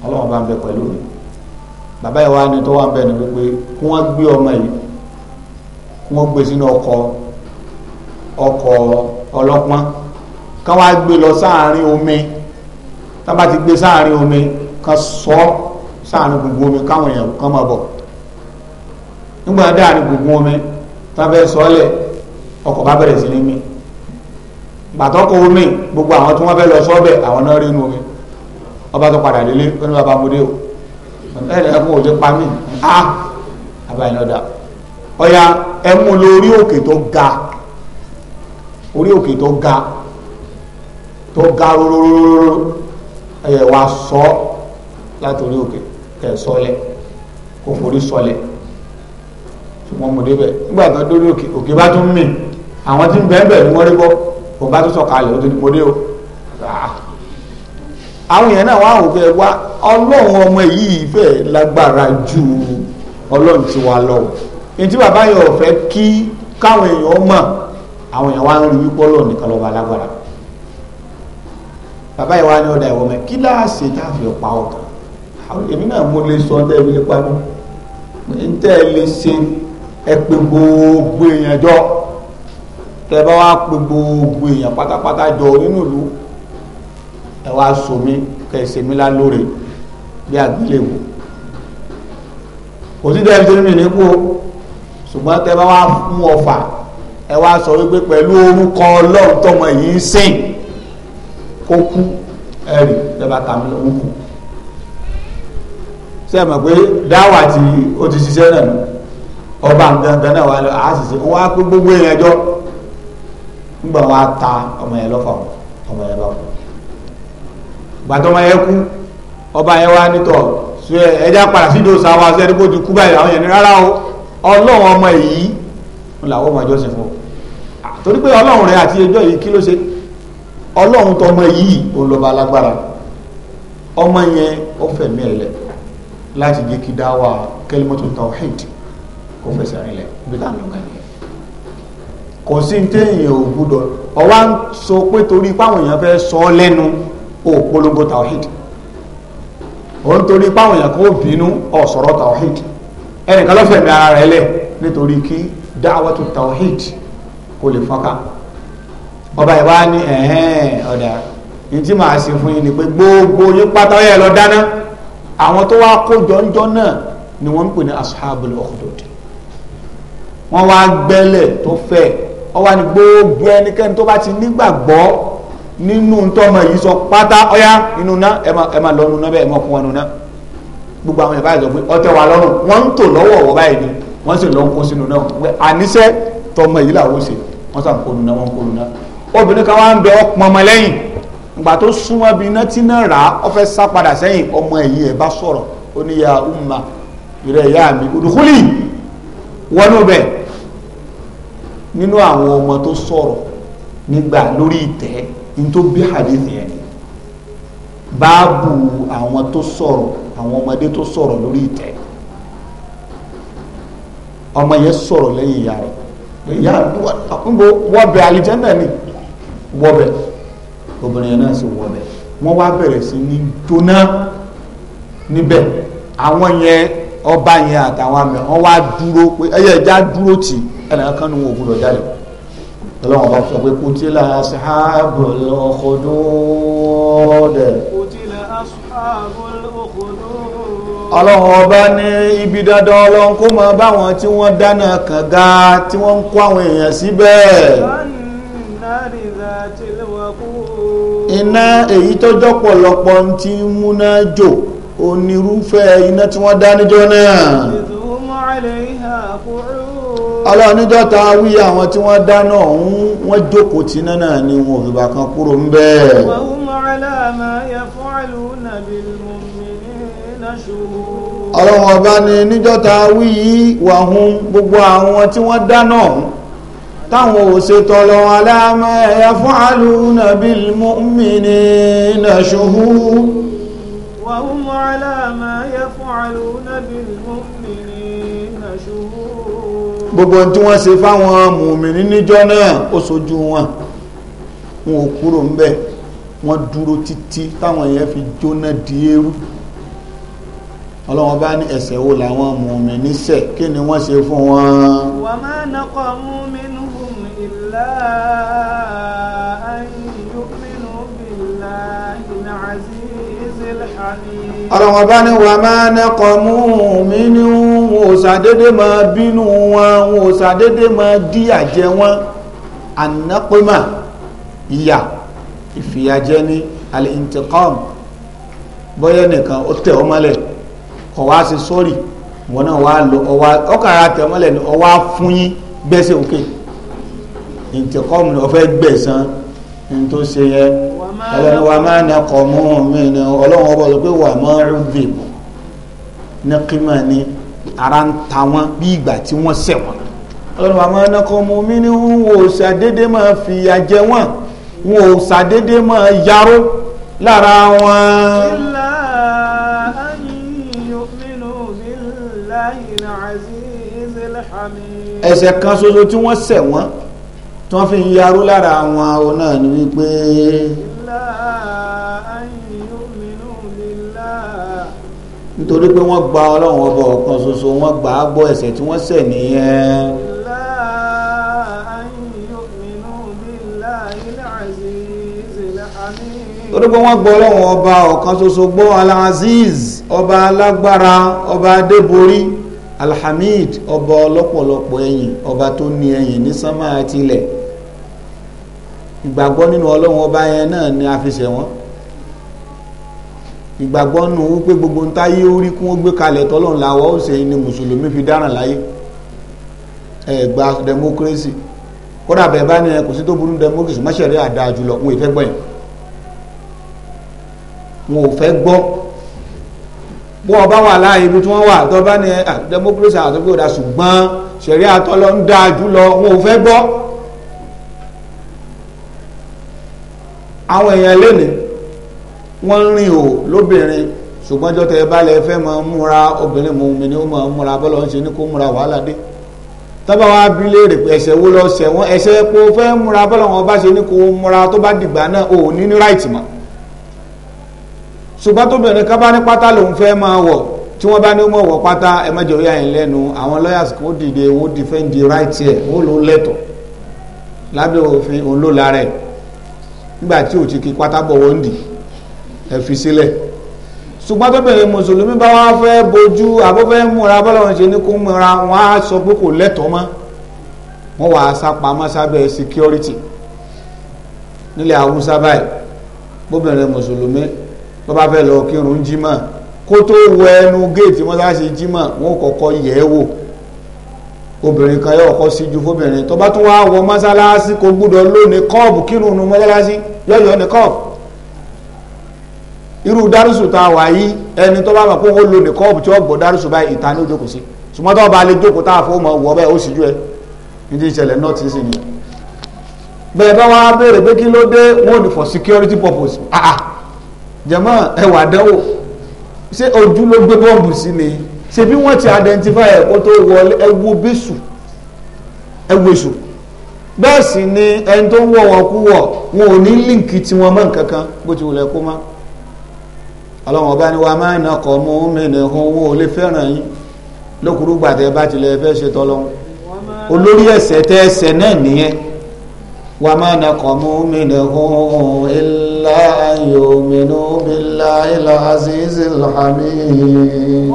[SPEAKER 1] ọlọ́run bá ń bẹ pẹ̀lú mi bàbá yìí wá ní tó wà ń bẹ ní pé kí wọ́n gbé ọmọ yìí kí wọ́n gbé sínú ọkọ̀ ọkọ̀ ọlọ́pọ́n ká wá gbé lọ sáàárín omi tá bá ti gbé sáàárín omi ká sọ sáànù gbogbo omi káwọn èèyàn kan máa bọ̀ nígbà dáàrin gbogbo omi tábẹ́ sọ́ọ̀lẹ̀ ọkọ̀ bá bẹ̀rẹ̀ sí ní mi gbàtọ́kọ̀ omi gbogbo àwọn tí wọ́n fẹ́ lọ sọ́ọ̀bẹ̀ àwọn náà rí inú omi ọba tó padà délé ó ní bàbá mọdé o ẹ̀rẹ̀ ẹ̀kún òde pa mí a ah! àbáyé náà dà ọ̀ya ẹ̀mú lórí òkè tó ga orí òkè tó ga tó ga rororororo ẹ̀yẹ̀ wa sọ látòrí òkè. Okay kẹ sọlẹ kó forí sọlẹ ṣùgbọ́n mo débẹ̀ nígbà tó dórí òkè òkè bá tún mì àwọn tí ń bẹ́ẹ̀ bẹ́ẹ̀ ni wọ́n rí bọ́ kò bá tún sọ̀kalẹ̀ mo o àwọn èèyàn náà wọ́n àwọn wá ọlọ́run ọmọ yìí fẹ́ lágbára ju ọlọ́run ti wá lọ tí bàbá yẹn ò fẹ́ kí káwọn èèyàn mọ̀ àwọn èèyàn wá ń rí wípé ọlọ́run nìkan lọ́ba lágbára bàbá yẹn wá ní ọ̀dà kí èmi náà mo lè sọ ọ́dẹ́ ìwé pamọ́ n tẹ́ ẹ lè ṣe ẹ pé gbogbo èèyàn jọ tẹ́ ẹ bá wá pé gbogbo èèyàn pátápátá jọ nínú ìlú ẹ wá sọ mí kẹ ẹ ṣe mí lálóore bí àgbéléwò kò sí dẹ́rẹ́ tó ní nípò ṣùgbọ́n tẹ́ bá wá mú ọfà ẹ wá sọ wípé pẹ̀lú orúkọ ọlọ́run tọmọ yìí ń sìn kó kú ẹ̀rì tẹ́ bá kàmí lọ́wọ́ kù ṣe mọ̀ pé dáwà tí ó ti ṣiṣẹ́ náà nù ọba gangan náà wà lọ àṣìṣe ó wá pé gbogbo èèyàn jọ ńgbà wá ta ọmọ yẹn lọ́fà ọmọ yẹn lọ́fà gbàtọ́ ọmọ yẹn kú ọba yẹn wá nítọ̀ ṣe ẹja padà sídò sáwà sẹ́ni bó ti kú báyìí àwọn yẹn ní rárá o ọlọ́run ọmọ èyí ń làwọn ọmọ ẹjọ́ sì fún ọ torí pé ọlọ́run rẹ àti ẹjọ́ yìí kí ló ṣe ọlọ́run tọmọ yìí òun lọ́ba alágbára ọmọ yẹn ó fẹ̀mí ẹ̀ lẹ̀ láti jẹ́ kí dáwà kẹlímọ́tò tawhid kò fẹsẹ̀ rinlẹ̀ bí táwọn lọ́gà nìyẹn kò sí ní téèyàn ò gbúdọ̀ ọwá ń sọ pé torí páwọn èèyàn fẹ́ sọ ọ́ lẹ́nu ò polongo tawhid ò ń torí páwọn èèyàn kò bínú ọ̀ sọ̀rọ̀ tawhid ẹnìkan lọ́fẹ̀ẹ́ mi ara rẹ̀ lẹ̀ nítorí kí dáwàtò tawhid kò lè fọ́nká ọba ìwá ní ẹ̀hẹ́n ọ̀dà ní ni pé gbogbo yín pátá àwọn tó wá kó jọ́njọ́ náà ni wọ́n ń pè ní ashabul ukhdud wọ́n wá gbẹ́lẹ̀ tó fẹ́ wọ́n wá ní gbogbo ẹnikẹ́ni tó bá ti nígbàgbọ́ nínú tọ́mọ yìí sọ pátá ọ̀yá inú ná ẹ máa lọ́nu náà bẹ́ẹ̀ ẹ máa fún wọn nù náà gbogbo àwọn ìbáyìí sọ pé ọtẹ wà lọ́rùn wọ́n ń tò lọ́wọ́ ọ̀wọ́ báyìí ni wọ́n sì lọ́ ń kó sínú náà àníṣe tọ́mọ yìí làwọn ò ṣe wọ́n sàn kó nù náà wọ́n kó nù náà obìnrin kan wá ń bẹ ọpọn ọmọ lẹ́yìn ìgbà tó súnmọ́ bí iná tí náà rà á ó fẹ́ sá padà sẹ́yìn ọmọ ẹ̀yìn ẹ̀ bá sọ̀rọ̀ ó ní ya umma ìrẹ̀ ìyá mi udkhuli wọnú bẹ̀ nínú àwọn ọmọ tó sọ̀rọ̀ nígbà lórí ìtẹ́ ní tó bí hadith yẹn báàbù àwọn tó sọ̀rọ̀ àwọn ọmọdé tó sọ̀rọ̀ lórí ìtẹ́ ọmọ yẹn sọ̀rọ̀ lẹ́yìn ìyá rẹ̀ ìyá wọ́bẹ̀ alìjẹ́ndà ni wọ́bẹ̀ obìnrin náà sì wọ̀ bẹ̀ wọ́n wá bẹ̀rẹ̀ sí ní jóná níbẹ̀ àwọn yẹn ọba yẹn àtàwọn àmì wọn wá dúró pé ẹyẹ ẹja dúró tì ẹnìkan kan ní wọn ò jáde ọlọ́run ọba sọ pé kutila ashabul ukhdud
[SPEAKER 2] kutila ashabul ukhdud
[SPEAKER 1] ọlọ́run ọba ní ibi dandan ọlọ́run kó máa bá wọn tí wọ́n dáná kànga tí wọ́n ń kó àwọn èèyàn síbẹ̀. iná èyí tó jọ́pọ̀lọpọ̀ ti ń múná jò onírúfẹ́ iná tí wọ́n dá níjọ́ náà aláníjọ́ ta wí àwọn tí wọ́n dáná ọ̀hún wọ́n jókòó tí náà náà ni wọn òfìbà kan kúrò ń bẹ́ẹ̀ ọlọ́wọ́n ọba ni níjọ́ ta wí wàhún gbogbo àwọn tí wọ́n dáná ọ̀hún táwọn òṣètò lọ́wọ́ aláàmọ́ ẹ̀yà fún àlùnà bil mu'minina shuhud
[SPEAKER 2] wa hum ala ma yaf'aluna bil mu'minina shuhud
[SPEAKER 1] gbogbo tí wọ́n ṣe fáwọn mùmìnì níjọ́ náà ó sojú wọn wọn ò kúrò ń bẹ̀ wọ́n dúró títí táwọn yẹn fi jóná di eérú ọlọ́wọ́n bá ní ẹ̀ṣẹ̀ wo làwọn mùmìnì ṣẹ̀ kí ni wọ́n ṣe fún wọn.
[SPEAKER 2] wa ma naqamu minhum إلا أن يؤمنوا بالله العزيز الحميد ọ̀rọ̀ bá ní wà
[SPEAKER 1] máa nẹ́kọ̀ọ́mú mi ní wọn ò sàdédé máa bínú wọn wọn ò sàdédé máa díyà jẹ wọn ànápémà ìyà ìfìyàjẹ ní al-intiqam bọ́yẹ̀ nìkan ó tẹ̀ ọ́ mọ́lẹ̀ kọ̀ wá sí sọ́ọ̀rì wọn náà wá lọ ọwá ọkàrà tẹ̀ mọ́lẹ̀ ni ọwá fún yín gbẹ́sẹ̀ òkè. Okay ìtìkọ́mù ọ̀fẹ́ gbẹ̀sán ní tó ṣe yẹ ọlọ́run wa máa na kọ̀ mú mi ni ọlọ́run ọba sọ pé wà mọ́ rúbìbù ní kíma ni ara ń ta wọn bí ìgbà tí wọ́n ṣẹ̀ wọ́n ọlọ́run wa máa na kọ̀ mi ni wọn ò ṣàdédé máa fìyà jẹ wọn wọn ò ṣàdédé máa yaró lára wọn. ẹ̀ṣẹ̀ kan ṣoṣo tí wọ́n ṣẹ̀ wọ́n tí wọ́n fi ń yarú lára àwọn ohun náà ni wípé. nítorí pé wọ́n gba ọlọ́run ọba ọ̀kan ṣoṣo wọ́n gbà á gbọ́ ẹ̀ṣẹ̀ tí wọ́n ṣẹ̀ nìyẹn. torí pé wọ́n gbọ́ ọlọ́run ọba ọ̀kan ṣoṣo gbọ́ alaziz ọba alágbára ọba adébórí alhamid ọba ọlọ́pọ̀lọpọ̀ ẹ̀yìn ọba tó ní ẹ̀yìn ní sánmà àti ilẹ̀ ìgbàgbọ́ nínú ọlọ́run ọba yẹn náà ni a fi ṣẹ̀ wọ́n ìgbàgbọ́ nù wípé gbogbo ntáyé orí kún ó gbé kalẹ̀ tọ́lọ́run làwọ́ ó ṣe ni mùsùlùmí fi dáràn láyé ẹ̀gbà democracy kódà bẹ́ẹ̀ bá ní ẹ kò sí tó burú democracy mọ́ṣẹ̀rí àdáa jùlọ wọn ò fẹ́ gbọ́ yẹn wọn ò fẹ́ gbọ́ bó ọba wà láàyè ibi tí wọ́n wà tọ́ bá ní democracy àtọ́gbé ọ̀dà ṣùgbọ́n ṣẹ̀rí àtọ́lọ́ ń dáa jùlọ wọn ò fẹ́ gbọ́ àwọn èèyàn lẹ́nu wọ́n ń rìn o lóbìnrin ṣùgbọ́n jọ́tẹ̀ ẹ bá lẹ fẹ́ máa múra obìnrin mu mi ni ó máa múra bọ́lá ń ṣe ní kó múra wàhálà dé tọ́ba wa bí léèrè pé wo lọ ṣẹ̀ wọ́n ẹ̀ṣẹ̀ o fẹ́ múra bọ́lá wọn bá ṣe ní kó múra tó bá dìgbà náà o ní ní ráìtì mọ́ ṣùgbọ́n tóbìnrin ká bá ní pátá lòun fẹ́ máa wọ̀ tí wọ́n bá ní mọ̀ wọ̀ pátá ẹ má jẹ́ oyà lẹ́nu àwọn lawyers kò dìde wọ́n defend the right here wọ́n lò lẹ́tọ̀ọ́ lábẹ́ òfin òun ló lára ẹ̀ nígbà tí ò ti kí pátábọ̀ wọ́n dì ẹ fi sílẹ̀ ṣùgbọ́n tóbìnrin mùsùlùmí bá wá fẹ́ bojú àbófẹ́ múra bọ́lọ́run ṣe ní kó múra wọn á sọ pé kò lẹ́tọ̀ọ́ mọ́ wọ́n wàá sá pamọ́ sábẹ́ security nílẹ̀ haúsá báyìí bóbìnrin mùsùlùmí tó bá fẹ́ lọ kírun jímọ̀ kó tó wọ ẹnu géètì mọ́sáàsì jímọ̀ wọn kọ́kọ́ yẹ̀ ẹ́ wò obìnrin kan yóò kọ́ síjú fóbìnrin tó bá tún wá wọ mọ́sálásí kò gbúdọ̀ lónìí kọ́ọ̀bù kírun nu mọ́sálásí yọ̀yọ̀ ní kọ́ọ̀bù irú dárúsù tá a wà yìí ẹni tó bá mọ̀ pé ó lónìí kọ́ọ̀bù tí ó gbọ́ dárúsù báyìí ìta ní ó jókòó sí sùmọ́tò ọba lè jókòó tá a fọ́ mọ̀ wọ́ bẹ́ẹ̀ ó sì ẹ nídìí ìṣẹ̀lẹ̀ náà ti sìn ní. bẹ́ẹ̀ bá wàá béèrè pé kí ló dé wọn ò for security purpose ah ah jẹ̀mọ́ ẹwà dánwò ṣé ni ṣe bí wọ́n ti identify ẹ̀ kó tó wọlé ẹwu bíṣù ẹwu èṣù bẹ́ẹ̀ sì ni ẹni tó ń wọ̀ wọn kú wọ̀ wọn ò ní líǹkì tí wọn mọ̀ nǹkan kan bó ti wùlẹ̀ kó má ọlọ́wọ́n bá ní wa máa ń nakọ̀ mú mi ní owó olè fẹ́ràn yín lókùrú gbàtẹ́ bá tilẹ̀ fẹ́ ṣe tọ́lọ́hún olórí ẹ̀sẹ̀ tẹ́ ẹsẹ̀ náà nìyẹn wa máa ń nakọ̀ mú mi ní ohun ilá ayò ní obìnrin ilá azizil hamid.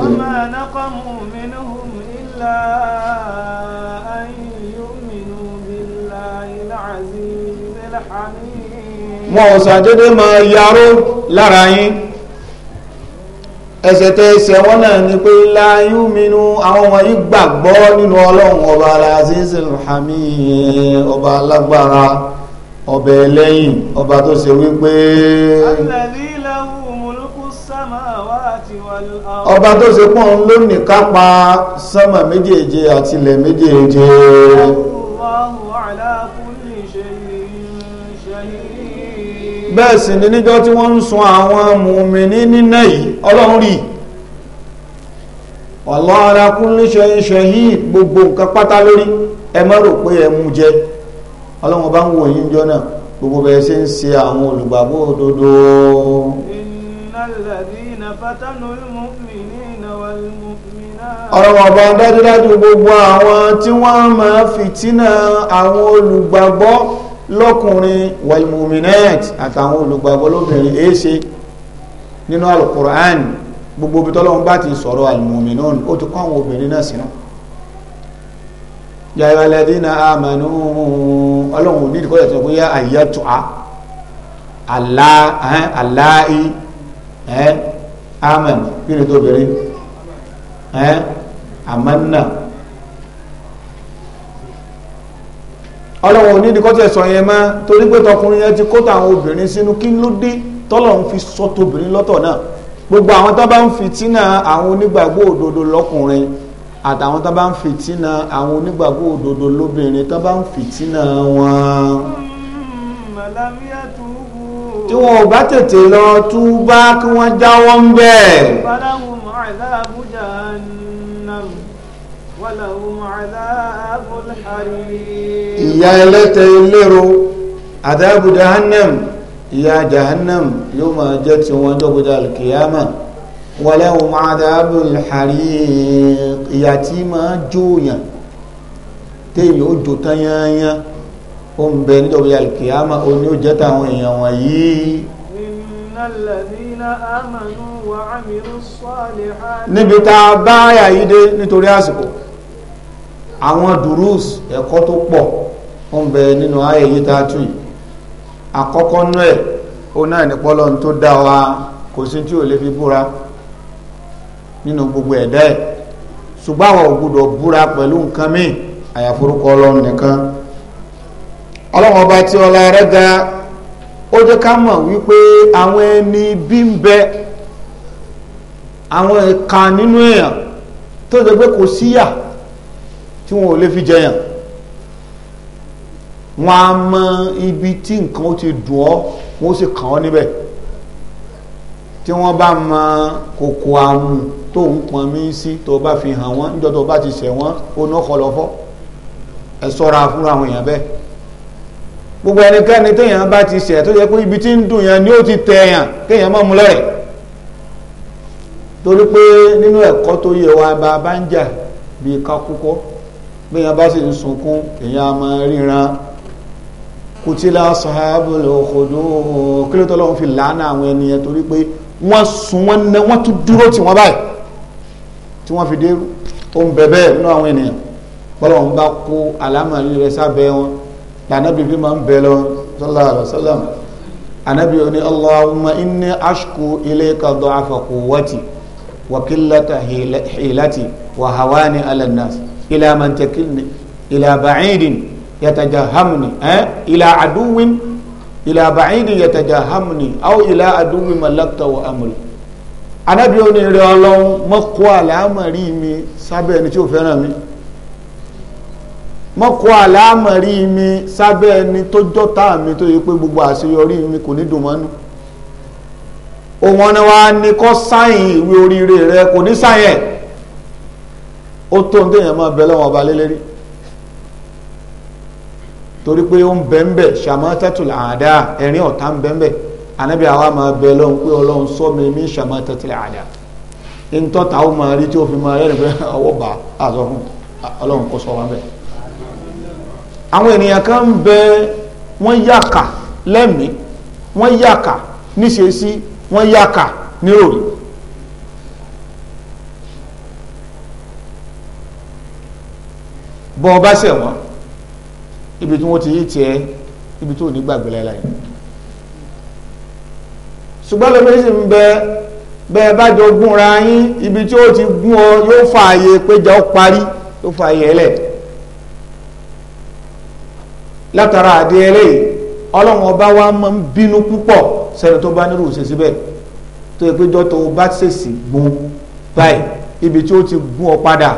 [SPEAKER 1] wọn ò sàdédé máa yaró lára yín ẹsẹ̀ tẹ ẹsẹ̀ wọn náà ni pé láyún minú àwọn wọ̀nyí gbàgbọ́ nínú ọlọ́run ọba aláàzízìl hàmí ọba alágbára ọba ẹlẹ́yìn ọba tó ṣe wípé ọba tó ṣe pọ́n ló nìkápa sánmà méjèèje àtilẹ̀ méjèèje. bẹ́ẹ̀ sì ni níjọ́ tí wọ́n ń sun àwọn mùmìnì nínà yìí ọlọ́run rí Allahu ala gbogbo nǹkan pátá lórí ẹ pe pé ẹ jẹ ọlọ́run bá ń gbogbo bẹ́ẹ̀ ṣe ń ṣe àwọn olùgbàgbọ́ òdodo. ọ̀rọ̀ dájúdájú gbogbo àwọn tí wọ́n máa fìtínà àwọn olùgbàgbọ́ lọ́kùnrin walmuminat àtàwọn olùgbàgbọ́ lóbìnrin èé ṣe nínú alukur'an gbogbo ibi tọ́lọ́run bá ti sọ̀rọ̀ almuminun ó ti kọ́ àwọn obìnrin náà sínú yàrá lẹ́dínà àmànú ọlọ́run ò ní ìdíkọ́ ìyàtọ̀ pé àyàtọ̀ àláì àmànú kí ni tóbi rí àmànú ọlọ́run ò ní ìdíkọ́ tí ẹ̀ sọ yẹn mọ́ torí pé tọkùnrin yẹn ti kó tàwọn obìnrin sínú kí ló dé tọ́lọ́run fi sọ tóbìnrin lọ́tọ̀ náà gbogbo àwọn tó bá ń fìtínà àwọn onígbàgbọ́ òdodo lọ́kùnrin àtàwọn tó bá ń fìtínà àwọn onígbàgbọ́ òdodo lóbìnrin tó bá ń fìtínà wọn. tí wọn ò bá tètè lọ túbá kí wọ́n jáwọ́ ń bẹ̀.
[SPEAKER 2] ولهم عذاب الحريق
[SPEAKER 1] ìyà ẹlẹ́tẹ̀ eléro àdáàbù jahannam ìyà jahannam yóò máa jẹ́ ti wọn dọ́gbọ́dá alkiyama wọlẹ́hùn àdáàbù alhariq ìyà tí máa jóòyàn téèyàn ó jò tán yányán ó ń bẹ nítorí alkiyama ó ní ó jẹ́ táwọn èèyàn wọ̀nyí. níbi tá a bá àyà yìí dé nítorí àsìkò àwọn durus ẹ̀kọ́ tó pọ̀ ó ń bẹ nínú ayé yìí tá a tù yìí àkọ́kọ́ nú ẹ̀ ó náà ní pọ́lọ́ tó dá wa kò sí tí ò lè fi búra nínú gbogbo ẹ̀dá ẹ̀ ṣùgbọ́n àwọn ò gbọ́dọ̀ búra pẹ̀lú nǹkan míì àyàforúkọ ọlọ́run nìkan ọlọ́run ọba tí ọlá rẹ̀ ga ó jẹ́ ká mọ̀ wípé àwọn ẹni bí ń bẹ àwọn ẹ̀ka nínú èèyàn tó jẹ́ pé kò síyà tí wọn ò lè fi jẹyàn wọn a mọ ibi tí nǹkan ó ti dùn ọ wọn ó sì kàn ọ níbẹ̀ tí wọn bá mọ kòkò àrùn tó ń pọn mí sí tó bá fi hàn wọn níjọ́ tó bá ti ṣẹ̀ wọn ó ná kọlọfọ ẹ ṣọ́ra fún àwọn èèyàn bẹ́ẹ̀ gbogbo ẹnikẹ́ni téèyàn bá ti ṣẹ̀ tó yẹ pé ibi tí ń dùn yẹn ni ó ti tẹ èèyàn kéèyàn mọ́ mu torí pé nínú ẹ̀kọ́ tó yẹ wa bá bá ń jà bíi kakúkọ́ bí wọn bá sì ń sunkún èèyàn a máa ríran kùtìlá sahabul khudud kí ló tọ́ lọ́wọ́ fi làánà àwọn ènìyàn torí pé wọ́n sun wọ́n ná wọ́n tún dúró tí wọ́n báyìí tí wọ́n fi dé ohun bẹ̀bẹ̀ nínú àwọn ènìyàn bọ́lá wọn bá kó àlámà rírẹ sábẹ́ wọn lànàbí bí máa ń bẹ lọ sallallahu alaihi wasallam anabi oni allahumma inni ashku ilayka da'afa quwwati wa qillata hilati wa hawani ala ila mantakilni ila ba'idin yatajahamni ẹ ila aduwin ila ba'idin yatajahamni aw ila aduwin malakta wa amri anabi oni rẹ Ọlọ́run mọkọ àlámọrí mi sábẹ́ ẹni tí ó fẹ́ràn mi mọkọ àlámọrí mi sábẹ́ ẹni tó jọta mi tó yẹ pé gbogbo àṣeyọrí mi kò ní dùn mọ́nú òun ọ̀nà wa ni kọ́ sáyìn ìwé oríire rẹ kò ní sáyìn ó tó ń téèyàn máa bẹ lọ́wọ́ ọba lélẹ́rí torí pé ó ń bẹ ń bẹ ṣàmọ́tẹ́tùl àdá ẹ̀rín ọ̀tá ń bẹ ń bẹ ànábì àwa máa bẹ lọ́hùn pé ọlọ́hun sọ mi ní ṣàmọ́tẹ́tùl àdá ntọ́ta ó máa rí tí ó fi máa rẹ́rìn pé ah, ọwọ́ bá àzọ fún ọlọ́hun kó sọ wá bẹ́ẹ̀. àwọn ènìyàn kan ń bẹ wọ́n yàkà lẹ́mìí wọ́n yàkà níṣesí wọ́n yàkà níròrí bọ́ ọ bá ṣẹ̀ wọ́n ibi tí wọ́n ti yí tiẹ̀ ibi tó ní gbàgbé láìláì ṣùgbọ́n lómi ń bẹ bẹ́ẹ̀ bá jọ gúnra yín ibi tí ó ti gún ọ yóò fa àyè péjọ parí yóò fa àyè ẹlẹ́ẹ̀ látara àdé eléyìí ọlọ́run ọba wa máa ń bínú púpọ̀ sẹ́ni tó bá nírú ṣe síbẹ̀ tó yẹ pé jọ́tọ̀ o bá ṣèṣì gun báyìí ibi tí ó ti gun ọ padà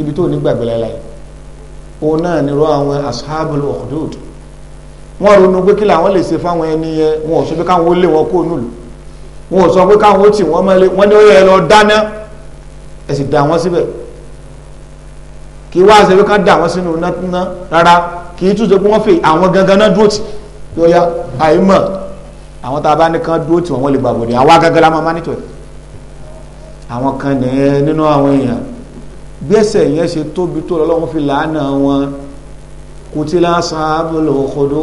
[SPEAKER 1] ibi tó ní gbàgbé láéláé òun náà nírọ àwọn ashabul ukhdud wọ́n ronú pé kí làwọn lè ṣe fáwọn ẹni yẹn wọn ò sọ pé káwọn ó lé wọn kó nùlù wọn ò sọ pé káwọn ó tì wọ́n mọ́lé wọ́n ní ó yẹ lọ dáná ẹ sì dà wọ́n síbẹ̀ kì í wá ṣe pé ká dà wọ́n sínú náà rárá kì í túnṣe pé wọ́n fè àwọn gangan náà dúró tì lóya àìmọ̀ àwọn tá a bá ní dúró tì wọ́n wọ́n lè gbàgbọ́dẹ̀ àwa gangan la máa má nítorí àwọn kan nìyẹn nínú àwọn èèyàn gbẹ́sẹ̀ yẹn ṣe tóbi tó lọ́wọ́ fi làánà wọn kutila ashabul ukhudud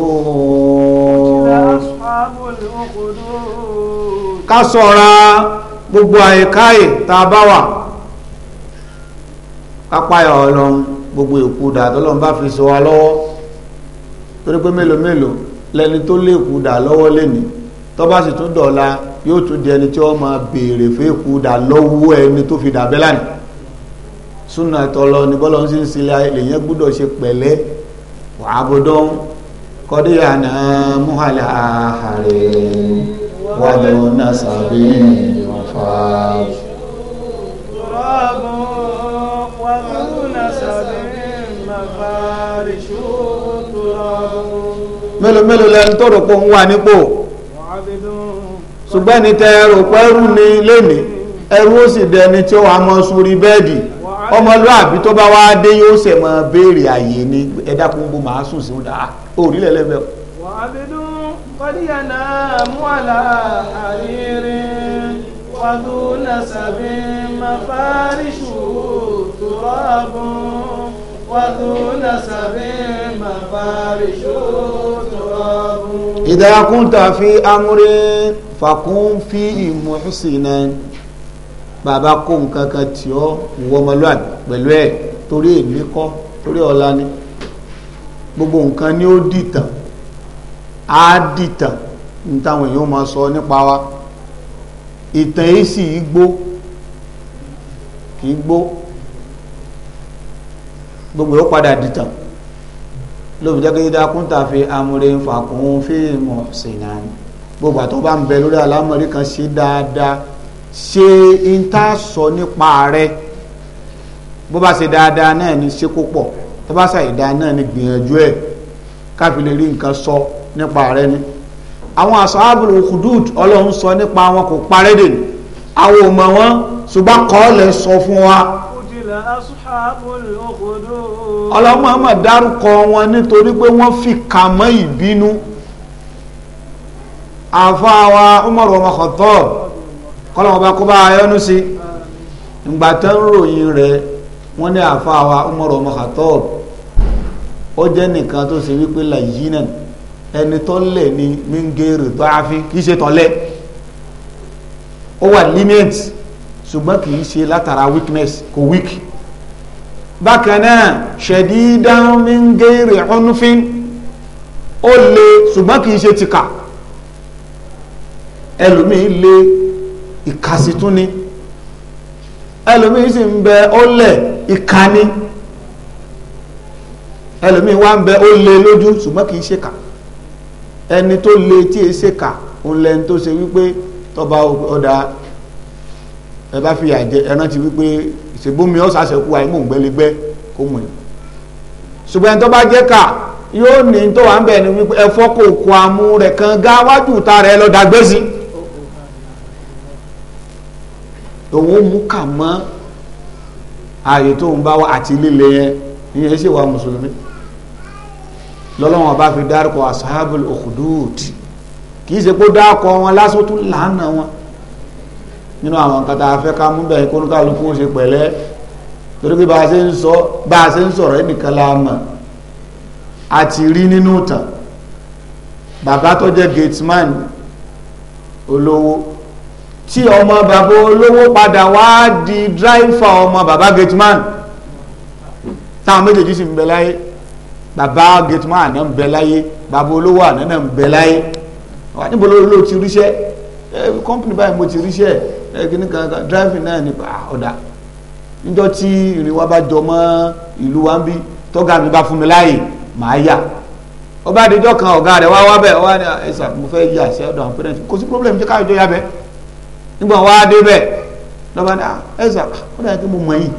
[SPEAKER 1] ká ṣọ́ra gbogbo àyíkáyè tá a bá wà kápáyà ọlọ́run gbogbo ìkúdà tọ́lọ́run bá fi sọ wa lọ́wọ́ torí pé mélòó mélòó lẹni tó lé ìkúdà lọ́wọ́ lẹ́ni tó bá sì tún dọ̀la yóò tún di ẹni tí wọ́n máa béèrè fún ìkúdà lọ́wọ́ ẹni tó fi dàbẹ́ lánìí súnà tọlọ ní bọ́lọ̀ ń sì ń sílẹ̀ èèyàn gbúdọ̀ ṣe pẹ̀lẹ́ wà á bọ́dọ̀ kọ́dé àná múhàlẹ̀ àhàrẹ̀ wà lọ́wọ́ náà sàbí wọn fà á. mélòó mélòó lẹni tó rò pé òun wà nípò ṣùgbọ́n ní tẹ rò pé ẹrú ni lónìí ẹrú ó sì dẹni tí ó wà mọ́ sórí bẹ́ẹ̀dì ọmọlúàbí tó bá wá dé yóò ṣe mọ béèrè àyè ni ẹ̀dá kún bó máa sùn sí wọn dáa lẹ́fẹ̀ẹ́.
[SPEAKER 2] wà á bí dún kọ́díyà náà mú àlà àríire wàdú nàṣàbí mafáríṣù tùrọ́bùn wàdú nàṣàbí mafáríṣù tùrọ́bùn. ìdá
[SPEAKER 1] kúntà fi amúre fàkún fi ìmọ̀ sí náà bàbá kó nǹkan kan tì ọ́ ìwọ ọmọlúwàbí pẹ̀lú ẹ̀ torí èmi kọ́ torí ọ̀la ni gbogbo nǹkan ni ó dìtàn á dìtàn ní táwọn èèyàn máa sọ nípa wa ìtàn yìí sì igbó kì í gbó gbogbo ó padà dìtàn lóbi jẹ́ kéde dákúntà fi amúre ń fàkùn fíìmù sínà gbogbo àtọ́ bá ń bẹ lórí alámọ̀rí kan ṣe dáadáa ṣe n tá a sọ nípa rẹ bó bá ṣe dáadáa náà ní ṣe kó pọ̀ tó bá ṣàìdá náà ní gbìyànjú ẹ̀ káfí lè rí nǹkan sọ nípa rẹ ni àwọn asahabul hudud ọlọ́run sọ nípa wọn kò parẹ́ dè ní àwọn ò mọ̀ wọn ṣùgbọ́n kọ́ọ̀lẹ̀ sọ fún wa ọlọ́mọ ọmọ dárúkọ wọn nítorí pé wọ́n fi kà mọ́ ìbínú àfa wa Umar ọmọ Khattab kọ́lọ́wọ́n bá kó bá ayọ́nú sí ìgbà tó ń ròyìn rẹ̀ wọ́n ní àfa wa Umar ọmọ Khattab ó jẹ́ nìkan tó ṣe wípé làyínà ẹni tọ́lẹ̀ ni mingere tó a fi kì í ṣe tọ́lẹ̀ ó wà limit ṣùgbọ́n kì í ṣe látara weakness kò weak bákan náà ṣẹ̀dídán mingere ọ̀nùfín ó le ṣùgbọ́n kì í ṣe tìkà ẹlòmíín le ìkàsí tún ni ẹlòmíín sì ń bẹ ó lẹ̀ ìkànnì ẹlòmíín wá ń bẹ ó lé lójú ṣùgbọ́n kì í ṣèkà ẹni tó lé tí èé ṣèkà òun lẹni tó ṣe wípé tọba ọ̀dà ẹ bá fi àjẹ ẹran ti wípé ìṣègbómi ọ̀sàṣẹ́kù àìmọ̀ ògbẹ́lẹ́gbẹ́ kó mọ̀ ẹ́ ṣùgbọ́n ẹni tó bá jẹ́ kà yóò ní tó wà ń bẹ̀ ni wípé ẹ̀fọ́ kò kó amú rẹ̀ kan gá wájú ta rẹ̀ lọ́dà gbèsè. òun mú kà mọ́ ààyè tó ń bá wá àti líle yẹn ìyẹn ṣe wà mùsùlùmí lọ́lọ́wọ́n bá fi dárúkọ asahabul okudud kì í ṣe pé dákọ wọn lásán tún làánà wọn nínú àwọn nǹkan tá a fẹ́ ká mú bẹ́ẹ̀ kó kálukú ó ṣe pẹ̀lẹ́ torí pé bá a ṣe ń sọ bá a ṣe ń sọ̀rọ̀ ẹnìkan la mọ̀ a rí nínú ìtàn bàbá tó jẹ́ gateman olówó tí ọmọ bàbá olówó padà wá di dráìfà ọmọ bàbá gateman táwọn méjèèjì sì ń bẹ láyé bàbá gateman àná ń bẹ láyé bàbá olówó àná náà ń bẹ láyé wà níbo ló ló ti ríṣẹ́ kọ́mpìnì báyìí mo ti ríṣẹ́ kíní kankan dráìfì náà ní ọ̀dà níjọ́ tí ìrìn wa bá jọ mọ́ ìlú wa ń bí tọ́gà mi bá fún mi láàyè màá yà ọba àdéjọ́ kan ọ̀gá rẹ̀ wá wá bẹ̀ ọ̀gá rẹ̀ ẹ̀sà mo fẹ́ yà sí ọ̀dọ̀ àwọn pẹ́rẹ́ntì kò sí problem jẹ́ káyọ̀jọ́ yà bẹ́ẹ̀ nígbà wá débẹ̀ lọ́ba ní ẹ̀sà ó dàbí pé mo mọ̀ yìí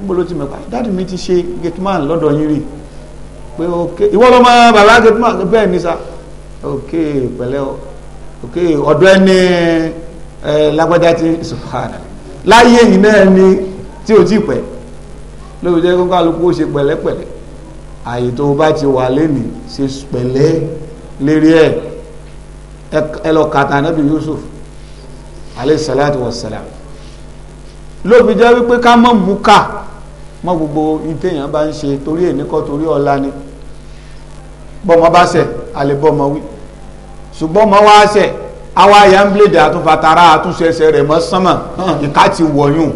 [SPEAKER 1] níbo ló ti mọ̀ pa dáàdì mi ti ṣe gate lọ́dọ̀ yín rí pé ok ìwọ lọ́mọ bàbá gate man bẹ́ẹ̀ ni sa ok pẹ̀lẹ́ o ok ọ̀dọ́ ẹni ẹ lágbájá ti sùpàdà láyé yìí náà ni tí ò tí pẹ́ lóbi jẹ́ kókó àlùkò ó ṣe pẹ̀lẹ́pẹ̀lẹ́ àyè tó bá ti wà lẹ́nìí ṣe pẹ̀lẹ́ lérí ẹ̀ ẹ lọ kàtà nábì Yusuf aleyhi salatu wa salam lóbi jẹ́ wípé ká mọ̀ mú ká mọ́ gbogbo ìtẹ̀yàn bá ń ṣe torí ènìkọ́ torí ọ̀la ni bọ́mọ bá ṣẹ̀ àlebọ́mọ wí ṣùgbọ́n mọ́ wá ṣẹ̀ àwa ya ń blédè àtúnfatara àtúnṣẹṣẹ rẹ̀ mọ́ sánmà ìka ti wọ̀nyún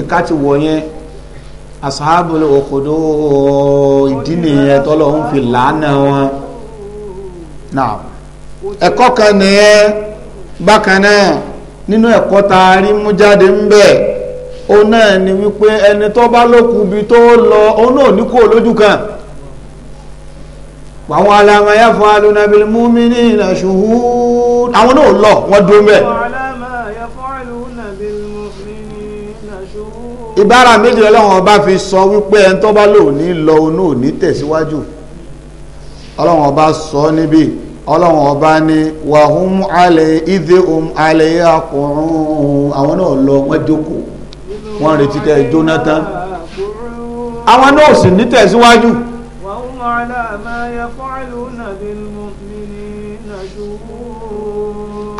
[SPEAKER 1] ìka ti wọ̀nyẹn asahabul okodo ìdí nìyẹn tọ́lọ́ ń fi làánà wọn. ẹ̀kọ́ kan nìyẹn. bákan nínú ẹ̀kọ́ tá mú jáde ń bẹ̀ náà ni wípé ẹni tó bá lókun tó lọ òun náà ní kó lójú kan àwọn alama ya fún na ṣùhú àwọn náà lọ wọ́n dúró mẹ́
[SPEAKER 2] ìbára méjì ọba
[SPEAKER 1] fi sọ wípé ẹni tó lọ òun náà ní tẹ̀síwájú sọ ọlọ́run ọba ní wàhún alẹ́ ìdè ohun alẹ́ akọ̀rún àwọn náà lọ wọ́n jókòó wọ́n retí tẹ́ Jonathan àwọn náà sì ní tẹ̀síwájú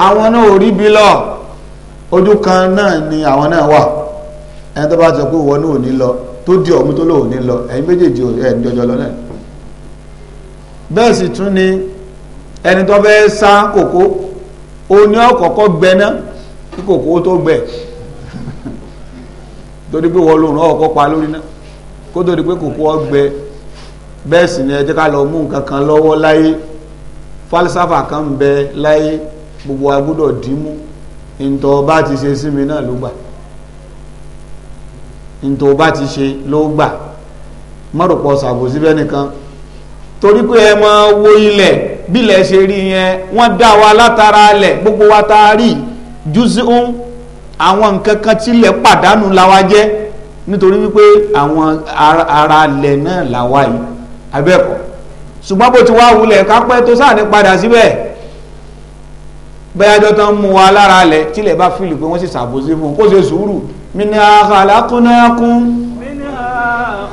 [SPEAKER 1] àwọn náà ò rí bí lọ ojú kan náà ni àwọn náà wà ẹni tó bá sọ pé ìwọ náà ò ní lọ tó di ọ̀mú tó lò ò ní lọ ẹ̀yin méjèèjì ẹ̀ ń jọjọ lọ náà bẹ́ẹ̀ sì tún ni ẹni tó fẹ́ sá kòkó ó ní ọ̀kọ̀ọ̀kọ̀ gbẹná kí kòkó tó gbẹ torí pé wọ́n lòrùn ọ̀kọ̀ pa lórí náà kó tó di pé kòkó ọgbẹ bẹ́ẹ̀ sì ni ẹ jẹ́ ká lọ mú nǹkan kan lọ́wọ́ láyé fálísáfà kan ń bẹ láyé gbogbo agbọ́dọ̀ dìímú ntọ́ bá ti ṣe sí mi náà ló gbà ntọ́ bá ti ṣe ló gbà mọ́rùpọ̀ ṣàbòsí bẹ́ẹ̀ nìkan torí pé ẹ máa wó ilẹ̀ bílẹ̀ ṣe rí yẹn wọ́n dá wa látara lẹ̀ gbogbo wa tá a rí juz'un àwọn nǹkan kan tilẹ̀ pàdánù làwa jẹ́ nítorí wípé àwọn ara lẹ̀ náà làwa yìí abẹ́ẹ̀kọ́ ṣùgbọ́n bó ti wá wulẹ̀ kápẹ́ tó sáà ní padà síbẹ̀ bẹ́yàjọ́ tán mú wa lára lẹ̀ tílẹ̀ bá fìlì pé wọ́n sì ṣàbòsí fún kó ṣe sùúrù minha khalaqnakum minha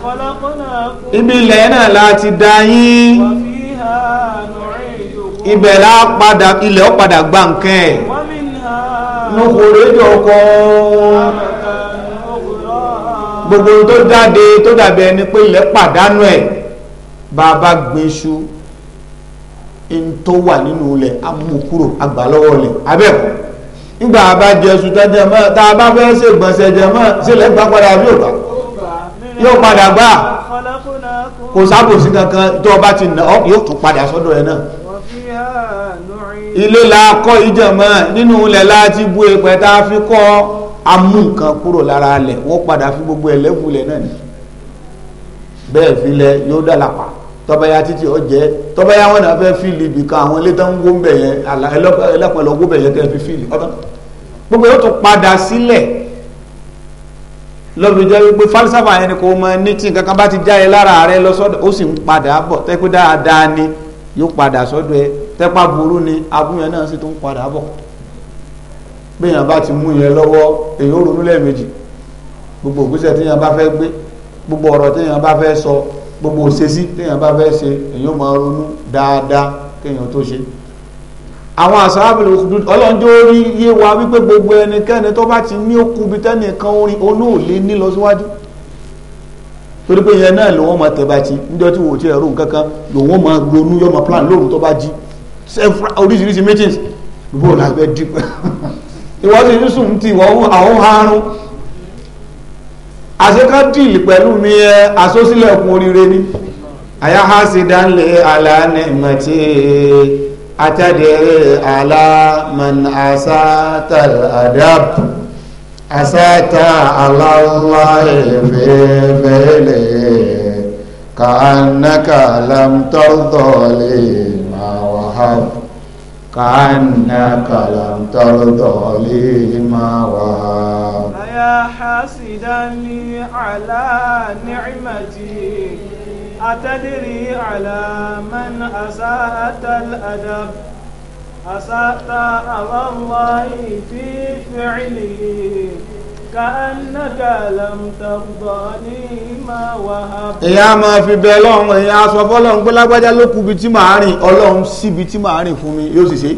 [SPEAKER 1] khalaqnakum ibi ilẹ̀ náà láti dá yín wa fiha ibẹ̀ la padà ilẹ̀ ó padà gba nǹkan ẹ̀ nukùrẹ́jọ kọ́ gbogbo tó jáde tó dàbí ẹni pé ilẹ̀ pàdánù ẹ̀ bàbá gbẹ̀ṣu in tó wà nínú ilẹ̀ amúkúrò agbálọ́wọ́ ilẹ̀ abẹ́kọ̀ nígbà bá jẹsùn tẹ́jẹ mọ́ tá a bá fẹ́ ṣe gbọ̀nsẹ̀ jẹ mọ́ sílẹ̀ gbà padà bí ò bá yóò padà gbà kò sábòsí kankan tó o bá ti nà ọ́ yóò tún padà sọ́dọ̀ ẹ náà ilé la kọ́ ìjọ̀mọ́ nínú ilẹ̀ láti bú ẹ̀pẹ̀ tá a fi kọ́ amú nǹkan kúrò lára alẹ̀ wọ́n padà fi gbogbo ẹ̀lẹ́fulẹ̀ náà ni bẹ́ẹ̀ filẹ̀ yóò dàlápà tọ́bẹ̀yà títí ọjẹ́ tọ́bẹ̀yà wọn náà fẹ́ fíìlì ibìkan àwọn ilé tó ń wó bẹ̀ yẹn ẹlẹ́pẹ̀lẹ́ owó bẹ̀ yẹn kẹ́ fi fíìlì ọ̀tán gbogbo yóò tún padà sílẹ̀ lọ́dún jẹ́ wípé fálísàfà yẹn ni kò mọ ní tí nǹkan kan bá ti já ẹ lára rẹ lọ ó sì ń padà bọ̀ tẹ́kú dáadáa ni yóò padà sọ́dọ̀ ẹ tẹ́pá burú ni abúyẹn náà sì tún padà bọ̀ bẹ́ẹ̀yàn bá ti mú yẹn lọ́wọ́ èyí ó ronú lẹ́ẹ̀mejì gbogbo ògbésẹ̀ téèyàn bá fẹ́ gbé gbogbo ọ̀rọ̀ téèyàn bá fẹ́ sọ gbogbo òṣèṣì téèyàn bá fẹ́ ṣe èyí ó máa ronú dáadáa kéèyàn tó ṣe àwọn àsáábìlì òkùnkùn ọlọ́njọ́ orí yé wa wípé gbogbo ẹnikẹ́ni tó bá ti ní òkú bíi tẹ́nìkan orin onóòlé ní lọ síwájú. torí ihe yẹn náà lòun máa tẹ̀bá jí níjọ́ tí wò tí ẹ̀rọ nǹkankan lòun máa ronú yọ́ plan lóòrùn tó bá jí oríṣiríṣi meetings bó la fẹ́ dípẹ́ ìwọ́n ti ní sùn ti ìwọ́ àwọn dìlì pẹ̀lú mi ẹ oríire ni àyà ha sì dánlé أساتا على الله في فعله كأنك لم ترضى لي ما وهب كأنك لم ترضى لي ما وهب يا
[SPEAKER 2] حاسدا لي على نعمتي أتدري على من أساءت الأدب أسأت على الله في فعله كأنك لم ترضاني ما وهب ìyá máa fi bẹ ọlọ́run ìyá
[SPEAKER 1] aṣọ fọlọ́run pé lágbájá ló kú ibi tí màá rìn ọlọ́run síbi tí màá rìn fún mi yóò sì ṣe.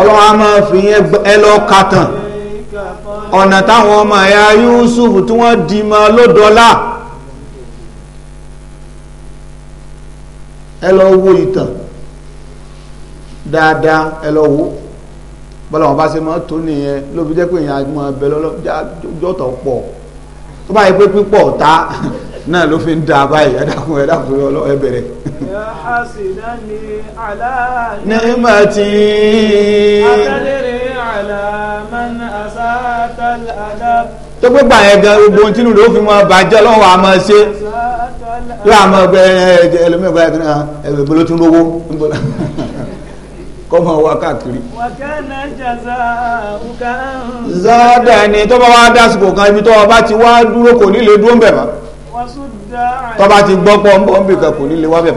[SPEAKER 1] ọlọ́run a máa fi yẹn ẹ lọ kàtàn ọ̀nà táwọn ọmọ ẹ̀yà Yusuf tí wọ́n di ma lódọ́lá ẹ lọ wo ìtàn dáadáa ẹ lọ wo bọ́lá wọn bá ṣe máa tó nìyẹn ló fi jẹ́ pé èèyàn àgbọn ẹbẹ lọ́jọ́tọ̀ pọ̀ tó bá yẹ pé pípọ̀ ta náà ló fi ń da báyìí ẹ̀dàkùn ẹ̀dàkùn ọlọ́ ẹbẹ̀rẹ̀. nígbà tí. àtàlẹ́rẹ̀
[SPEAKER 2] àlàmánà
[SPEAKER 1] tó pé gbà yẹn gan gbogbo tí lùdó fi mọ bàjẹ́ lọ́wọ́ àmọ́ ṣe yóò àmọ́ ẹ ẹlòmíràn báyìí kan ah, ẹ bẹ̀rẹ̀ ló tún lówó kọ́ mọ̀ wá káàkiri. zádà ni tó bá wá dásìkò kan ibi tó o bá ti wá dúró kò ní dúró ń bẹ̀ mọ́ tó bá ti gbọ́ pọ̀ ń bọ̀ ń bìkan kò ní wá bẹ̀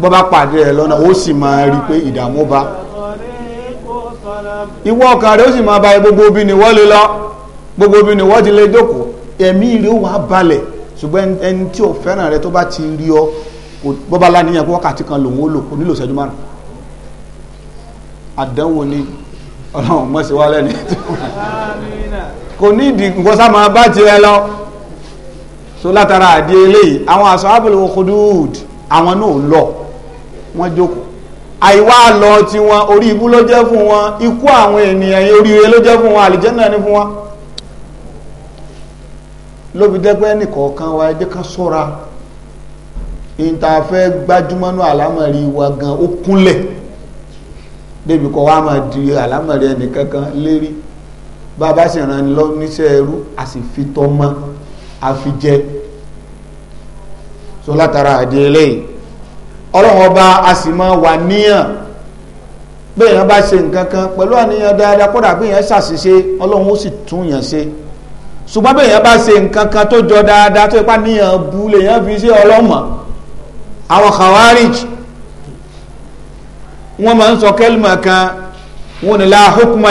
[SPEAKER 1] mọ́ bọ́ pàdé ẹ̀ lọ́nà ó sì máa rí i pé ìdààmú bá ìwọ ọkàn rẹ̀ ó sì máa ba gbogbo obì ni wọ́n lè lọ gbogbo obì ni wọ́n ti lè dòkó ẹ̀mí rẹ̀ ó wà balẹ̀ ṣùgbọ́n ẹni tí ò fẹ́ràn rẹ̀ tó bá ti rí ọ bọ́bá láníyàn pé wákàtí kan lòun ó lò kò nílò ìṣẹ́jú márùn àdánwò ni ọlọ́run mọ̀ sí wa lẹ́ni kò ní ìdí nǹkan sá máa bá tiẹ̀ lọ so látara àdí eléyìí àwọn aṣọ abúlé wọn kò dúdú àwọn náà lọ wọ́n jókòó àìwá lọ tí wọn orí ibú ló jẹ́ fún wọn ikú àwọn ènìyàn yẹn oríire ló jẹ́ fún wọn àlìjẹ́nà ni fún wọn lóbi dẹ́gbẹ́ nìkọ̀ọ̀kan wa ẹjẹ́ kan sọ́ra ìntàfẹ́ gbájúmọ́nú àlámọ̀rí wa gan ó kúnlẹ̀ débi kọ́ wa máa di àlámọ̀rí ẹnìkankan lérí bàbá sì ràn lọ níṣẹ́ ẹrú a sì fi tọ́ mọ́ a fi jẹ so látara àdé eléyìí ọlọ́run ọba a sì máa wà níyàn bí èèyàn bá ṣe nǹkan kan pẹ̀lú àníyàn dáadáa kódà bí èèyàn ṣàṣìṣe ọlọ́run ó sì tún yàn ṣe ṣùgbọ́n bí èèyàn bá ṣe nǹkan kan tó jọ dáadáa tó ipá níyàn bu lèèyàn fi ṣe ọlọ́mọ àwọn khawarij wọ́n máa ń sọ kẹ́lìmà kan wọ́n ní la hukma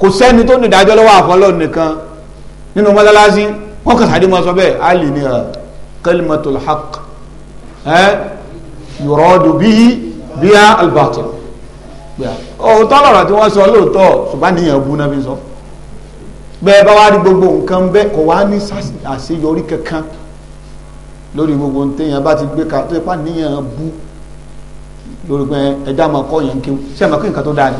[SPEAKER 1] kò sẹ́ni tó ní ìdájọ́ lọ́wọ́ àfọlọ́ nìkan nínú mọ́sálásí wọ́n kàn sáré mọ́ sọ bẹ́ẹ̀ alì ní kalimatul haqq yuradu bihi biha al-batil òótọ́ lọ̀rọ̀ tí wọ́n sọ lóòótọ́ ṣùgbọ́n níyàn bú náà fi sọ bẹ́ẹ̀ bá wá rí gbogbo nǹkan bẹ́ẹ̀ kò wá ní àṣeyọrí kankan lórí gbogbo téèyàn bá ti gbé ka tó ipá níyàn bú lórí pé ẹja máa kọ́ yẹn kí ṣé àmọ́ kí nǹkan tó dáa ni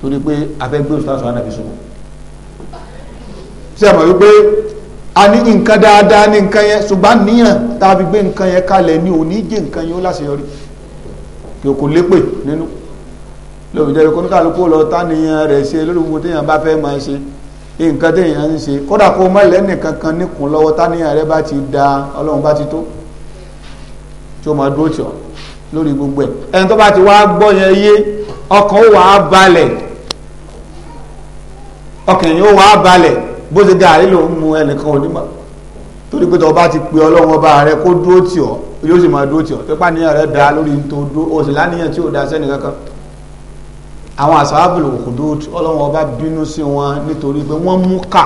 [SPEAKER 1] torí pé abẹ́gbé òṣùpá sọ ànàbì sọ ṣé àmọ́ wípé a ní nǹkan dáadáa ní nǹkan yẹn ṣùgbọ́n níyàn tá a fi gbé nǹkan yẹn kalẹ̀ ní òní jẹ́ nǹkan yẹn ó láṣeyọrí kí o kò lépè nínú lóbi jẹ́ kó níkàlùkù lọ táníyàn rẹ̀ ṣe lórí gbogbo téèyàn bá fẹ́ máa ṣe nǹkan téèyàn ń ṣe kódà kó má lẹ́nì kankan níkùn lọ́wọ́ táníyàn rẹ̀ bá ti da ọlọ́run bá ti tó tí ó máa dúró tì ọ́ lórí gbogbo ẹ̀ ẹni tó bá ti wá gbọ́ yẹn yé ọkàn ó wàá balẹ̀ ọkàn yẹn ó balẹ̀ bó ṣe gààrí ló ń mu ẹnìkan onímọ̀ torí pé tó bá ti pe ọlọ́wọ́n bá rẹ kó dúró tì ọ́ yóò sì máa dúró tì ọ́ tó pa níyàn rẹ da lórí tó dúró o sì láníyàn tí ò da sẹ́ni kankan àwọn àsáábùlù òkùdó ọlọ́wọ́n bá bínú sí wọn nítorí pé wọ́n mú kà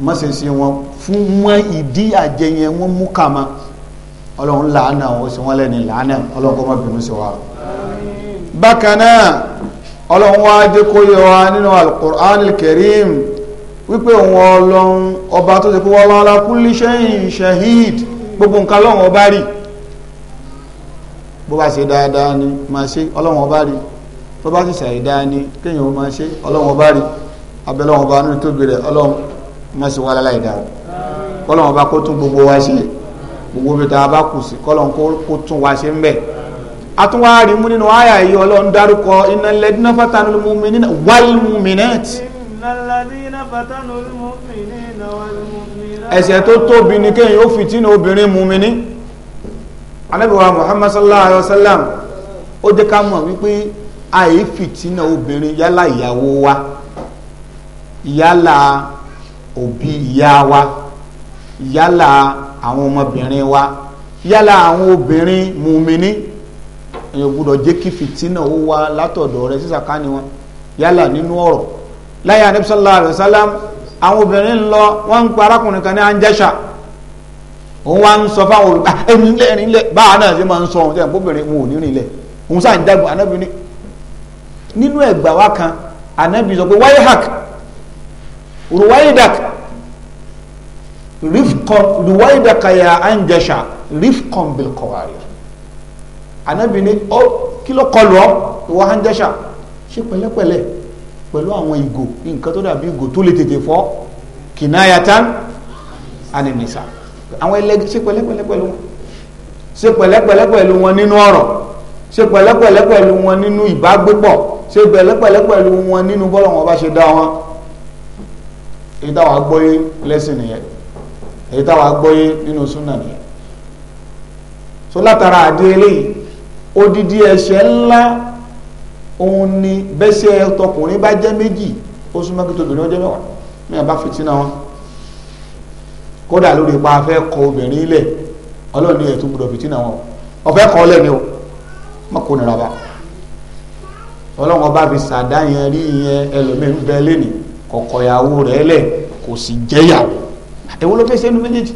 [SPEAKER 1] mọ́sẹ̀sẹ̀ wọn fún wọn ìdí àjẹyẹ wọn mú kà máa ọlọ́run làánà ó sì wọ́n lẹ́ni làánà ọlọ́run kọ́ mọ́ bínú sí wa bákan náà ọlọ́run wá dé kó wa nínú al-Qur'an wípé òun ọlọ́run ọba tó ti kó wá wá kulli shay'in shahid gbogbo nǹkan lọ́wọ́n ọba rí bó bá ṣe dáadáa ni máa ṣe ọlọ́wọ́n ọba rí tó bá sì ṣàìdá ni kéèyàn ó máa ṣe ọlọ́wọ́n ọba rí abẹ́lọ́wọ́n ọba nínú tóbi rẹ̀ ọlọ́run má ṣe wá láláì dáa kọ́lọ́wọ́n ọba kó tún gbogbo wa ṣe gbogbo bí ta bá kù sí kọ́lọ́wọ́n kó tún wa ṣe ń bẹ̀ atúnwárí mú nínú àyà yìí ọlọ́run dárúkọ innal ladina fatanul mu'minina wal mu'minat ẹ̀ṣẹ̀ tó tóbi ní kéyìn ó fìtínà obìnrin mùmíní anábìwá Muhammad sallallahu alaihi wasallam ó jẹ́ ká mọ̀ wípé àì fìtínà obìnrin yálà ìyàwó wa yálà òbí ìyá wa yálà àwọn ọmọbìnrin wa yálà àwọn obìnrin mùmíní èèyàn gbọ́dọ̀ jẹ́ kí fìtínà ó wá látọ̀dọ̀ rẹ̀ sísàkánì wọn yálà nínú ọ̀rọ̀ láyé anabi sallallahu alayhi wa sallam àwọn obìnrin ń lọ wọ́n ń pa arákùnrin kan ní anjẹ́sà òun wá ń sọ fáwọn olùkọ́ ah, ẹni ilé ẹni ilé báwa náà ṣe máa ń sọ ohun tẹ́ obìnrin wọn ò ní ilé òun sáà ń dàgbà anabi ní nínú ẹgbà wa kan anabi sọ pé wáyé hàk rúwáyé dàk rifkọn rúwáyé dàkàyà anjẹ́sà rifkọn bilkọ̀wárí anabi oh, ọ kí ló kọlù ọ ìwọ anjẹ́sà ṣe pẹ̀lẹ́pẹ̀lẹ́ pẹ̀lú àwọn ìgò nǹkan tó dàbí ìgò tó lè tètè fọ́ kìnnáyàtán anìmísà àwọn ẹlẹ́gẹ́ ṣe pẹ̀lẹ́pẹ̀lẹ́ pẹ̀lú wọn ṣe pẹ̀lẹ́pẹ̀lẹ́ pẹ̀lú wọn nínú ọ̀rọ̀ ṣe pẹ̀lẹ́pẹ̀lẹ́ pẹ̀lú wọn nínú ìbágbépọ̀ ṣe pẹ̀lẹ́pẹ̀lẹ́ pẹ̀lú wọn nínú bọ́lọ̀ wọn bá ṣe dá wọn èyí táwa gbọ́yé lẹ́sìn nìyẹn èyí táwa gbọ́yé nínú súnà nìyẹn so látara àdé odidi ẹ̀ṣẹ̀ ńlá òun ni bẹ́sẹ̀ tọkùnrin bá jẹ́ méjì ó súnmọ́ kí tóbìnrin ó jẹ́ mẹ́wàá ní àbá fìtínà wọn kódà lórí ipa afẹ́ kọ obìnrin lẹ̀ ọlọ́run ní ẹ̀tún gbọdọ̀ fìtínà wọn ọ̀fẹ́ kọ́ lẹ̀ ni o mọ̀ kó nira bá ọlọ́run ọba fi sàdá yẹn rí yẹn ẹlòmíín bẹ lẹ́nì kọ̀kọ̀ ìyàwó rẹ̀ lẹ̀ kò sì jẹ́yàwó èwo ló fẹ́ sẹ́nu méjèèjì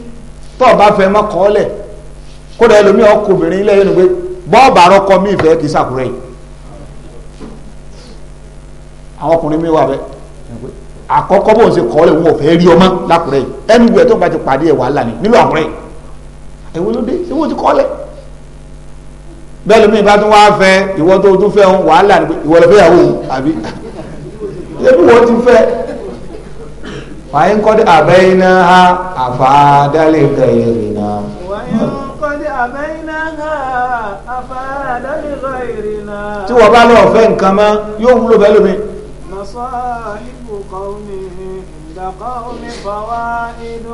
[SPEAKER 1] tó ọba fẹ́ mọ́ kọ́ lẹ̀ kódà ẹlòmíín ọkọ̀ obìnrin lẹ̀ yẹn ni pé bọ́ọ̀bù àrọ́kọ mi ìfẹ́ kì í sàkúrẹ́ àwọn ọkùnrin mi wà bẹ́ẹ̀ àkọ́kọ́ bó ń ṣe kọ́ ọ́ lè wọ́n fẹ́ rí ọmọ lákùrẹ́ yìí ẹnu wẹ̀ tó bá ti pàdé ẹ̀ wàhálà ni nílò àkùrẹ́ yìí ẹ̀wọ́n ló dé ṣé wọ́n ti kọ́ lẹ̀ bẹ́ẹ̀ lómi ìbá tún wáá fẹ́ ìwọ tó tún fẹ́ òun wàhálà ni ìwọ lọ fẹ́ yàwó òun àbí ẹbí wọ́n ti fẹ́ fàyín kọ́dé àbẹ́yìnà ha àfàdálẹ̀ gẹ̀yẹ̀ rìnà.
[SPEAKER 2] tí wọ́n bá lọ fẹ́ nǹkan mọ́
[SPEAKER 1] yóò wúlò bẹ́ẹ̀ lómi.
[SPEAKER 2] وصاحب قوم عند قوم فوائد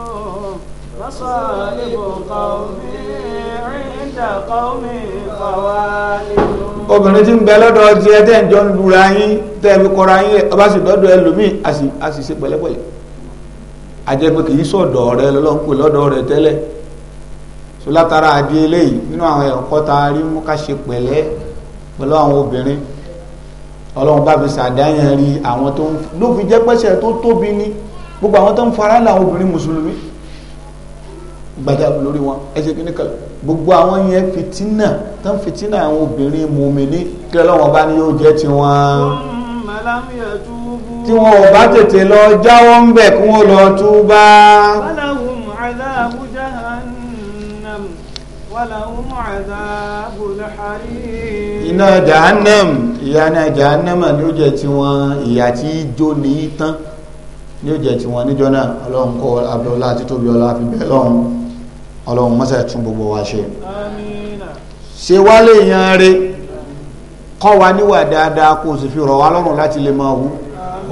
[SPEAKER 2] وصاحب قوم عند قوم فوائد
[SPEAKER 1] obìnrin tí ń bẹ lọ́dọ̀ ọtí ẹ tẹ́ ń jọ ń lura yín tẹ́ ẹ fi kọra yín ọba sì dọ́dọ̀ ẹ lómi a sì ṣe pẹ̀lẹ́pẹ̀lẹ́ àjẹpẹ kì í sọ̀dọ̀ rẹ lọ́npẹ̀ lọ́dọ̀ rẹ tẹ́lẹ̀ so látara àdí eléyìí nínú àwọn ẹ̀kọ́ tá a rí mú ká ṣe pẹ̀lẹ́ pẹ̀lú àwọn obìnrin ọlọ́run bá fi sàdáyàn rí àwọn tó ń ló fi jẹ́ pẹ́sẹ̀ tó tóbi ní gbogbo àwọn tó ń fara ní àwọn obìnrin mùsùlùmí gbàdá lórí wọn ẹsẹ̀ kìíní kan gbogbo àwọn yẹn fìtínà tó ń fìtínà àwọn obìnrin mùmìnì kí ọlọ́run bá ní yóò jẹ́ tiwọn. tí wọn ò bá tètè lọ jáwọ́ ń bẹ̀ kí wọ́n lọ túbá.
[SPEAKER 2] walahum adhabu jahannam walahum adhabul harim iná jahannam
[SPEAKER 1] ìyà náà jahannam ni ó jẹ́ tiwọn ìyà tí jó ní tán ni ó jẹ́ tiwọn níjọ́ náà ọlọ́run kọ́ abdọ́lá àti tóbi ọlá fi bẹ́ẹ̀ lọ́run ọlọ́run mọ́sẹ̀ tún gbogbo wa ṣe ṣe wá lè yan re kọ́ wa níwà dáadáa kó o sì fi rọ̀ wá lọ́rùn láti lè máa wú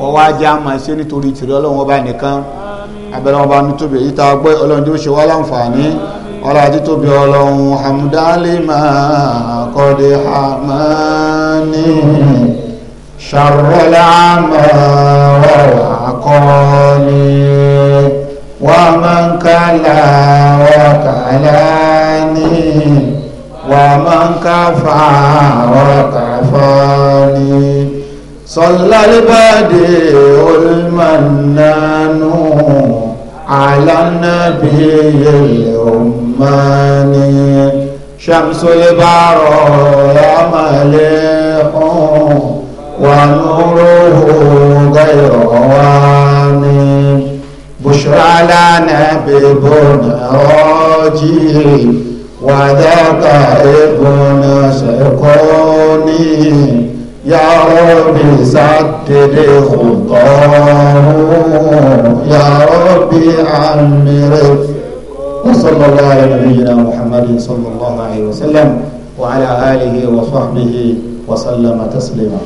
[SPEAKER 1] ọwọ́ ajé a máa ṣe nítorí tìrẹ ọlọ́run ọba nìkan abẹ́rẹ́ ọba nítorí èyí tá ọlọ́run tí ó ṣe wá láǹfààní ọlá títóbi ọlọ́run hamdali máa kọ́dé hamani ṣàrọ́lá máa wà kọ́ni wà máa ń kálá wà kálá ní wà máa ń káfà wà káfà ní sọlálíbàdé olùmọ̀nánú alánàbí ilẹ̀ ọmọ. الرحمن شمس البرايا مليح ونوره غير واني بشرى لنا بابن راجي وذاك ابن سكوني يا ربي سدد خطاه يا ربي عمرك وصلى الله على نبينا محمد صلى الله عليه وسلم وعلى آله وصحبه وسلم تسليما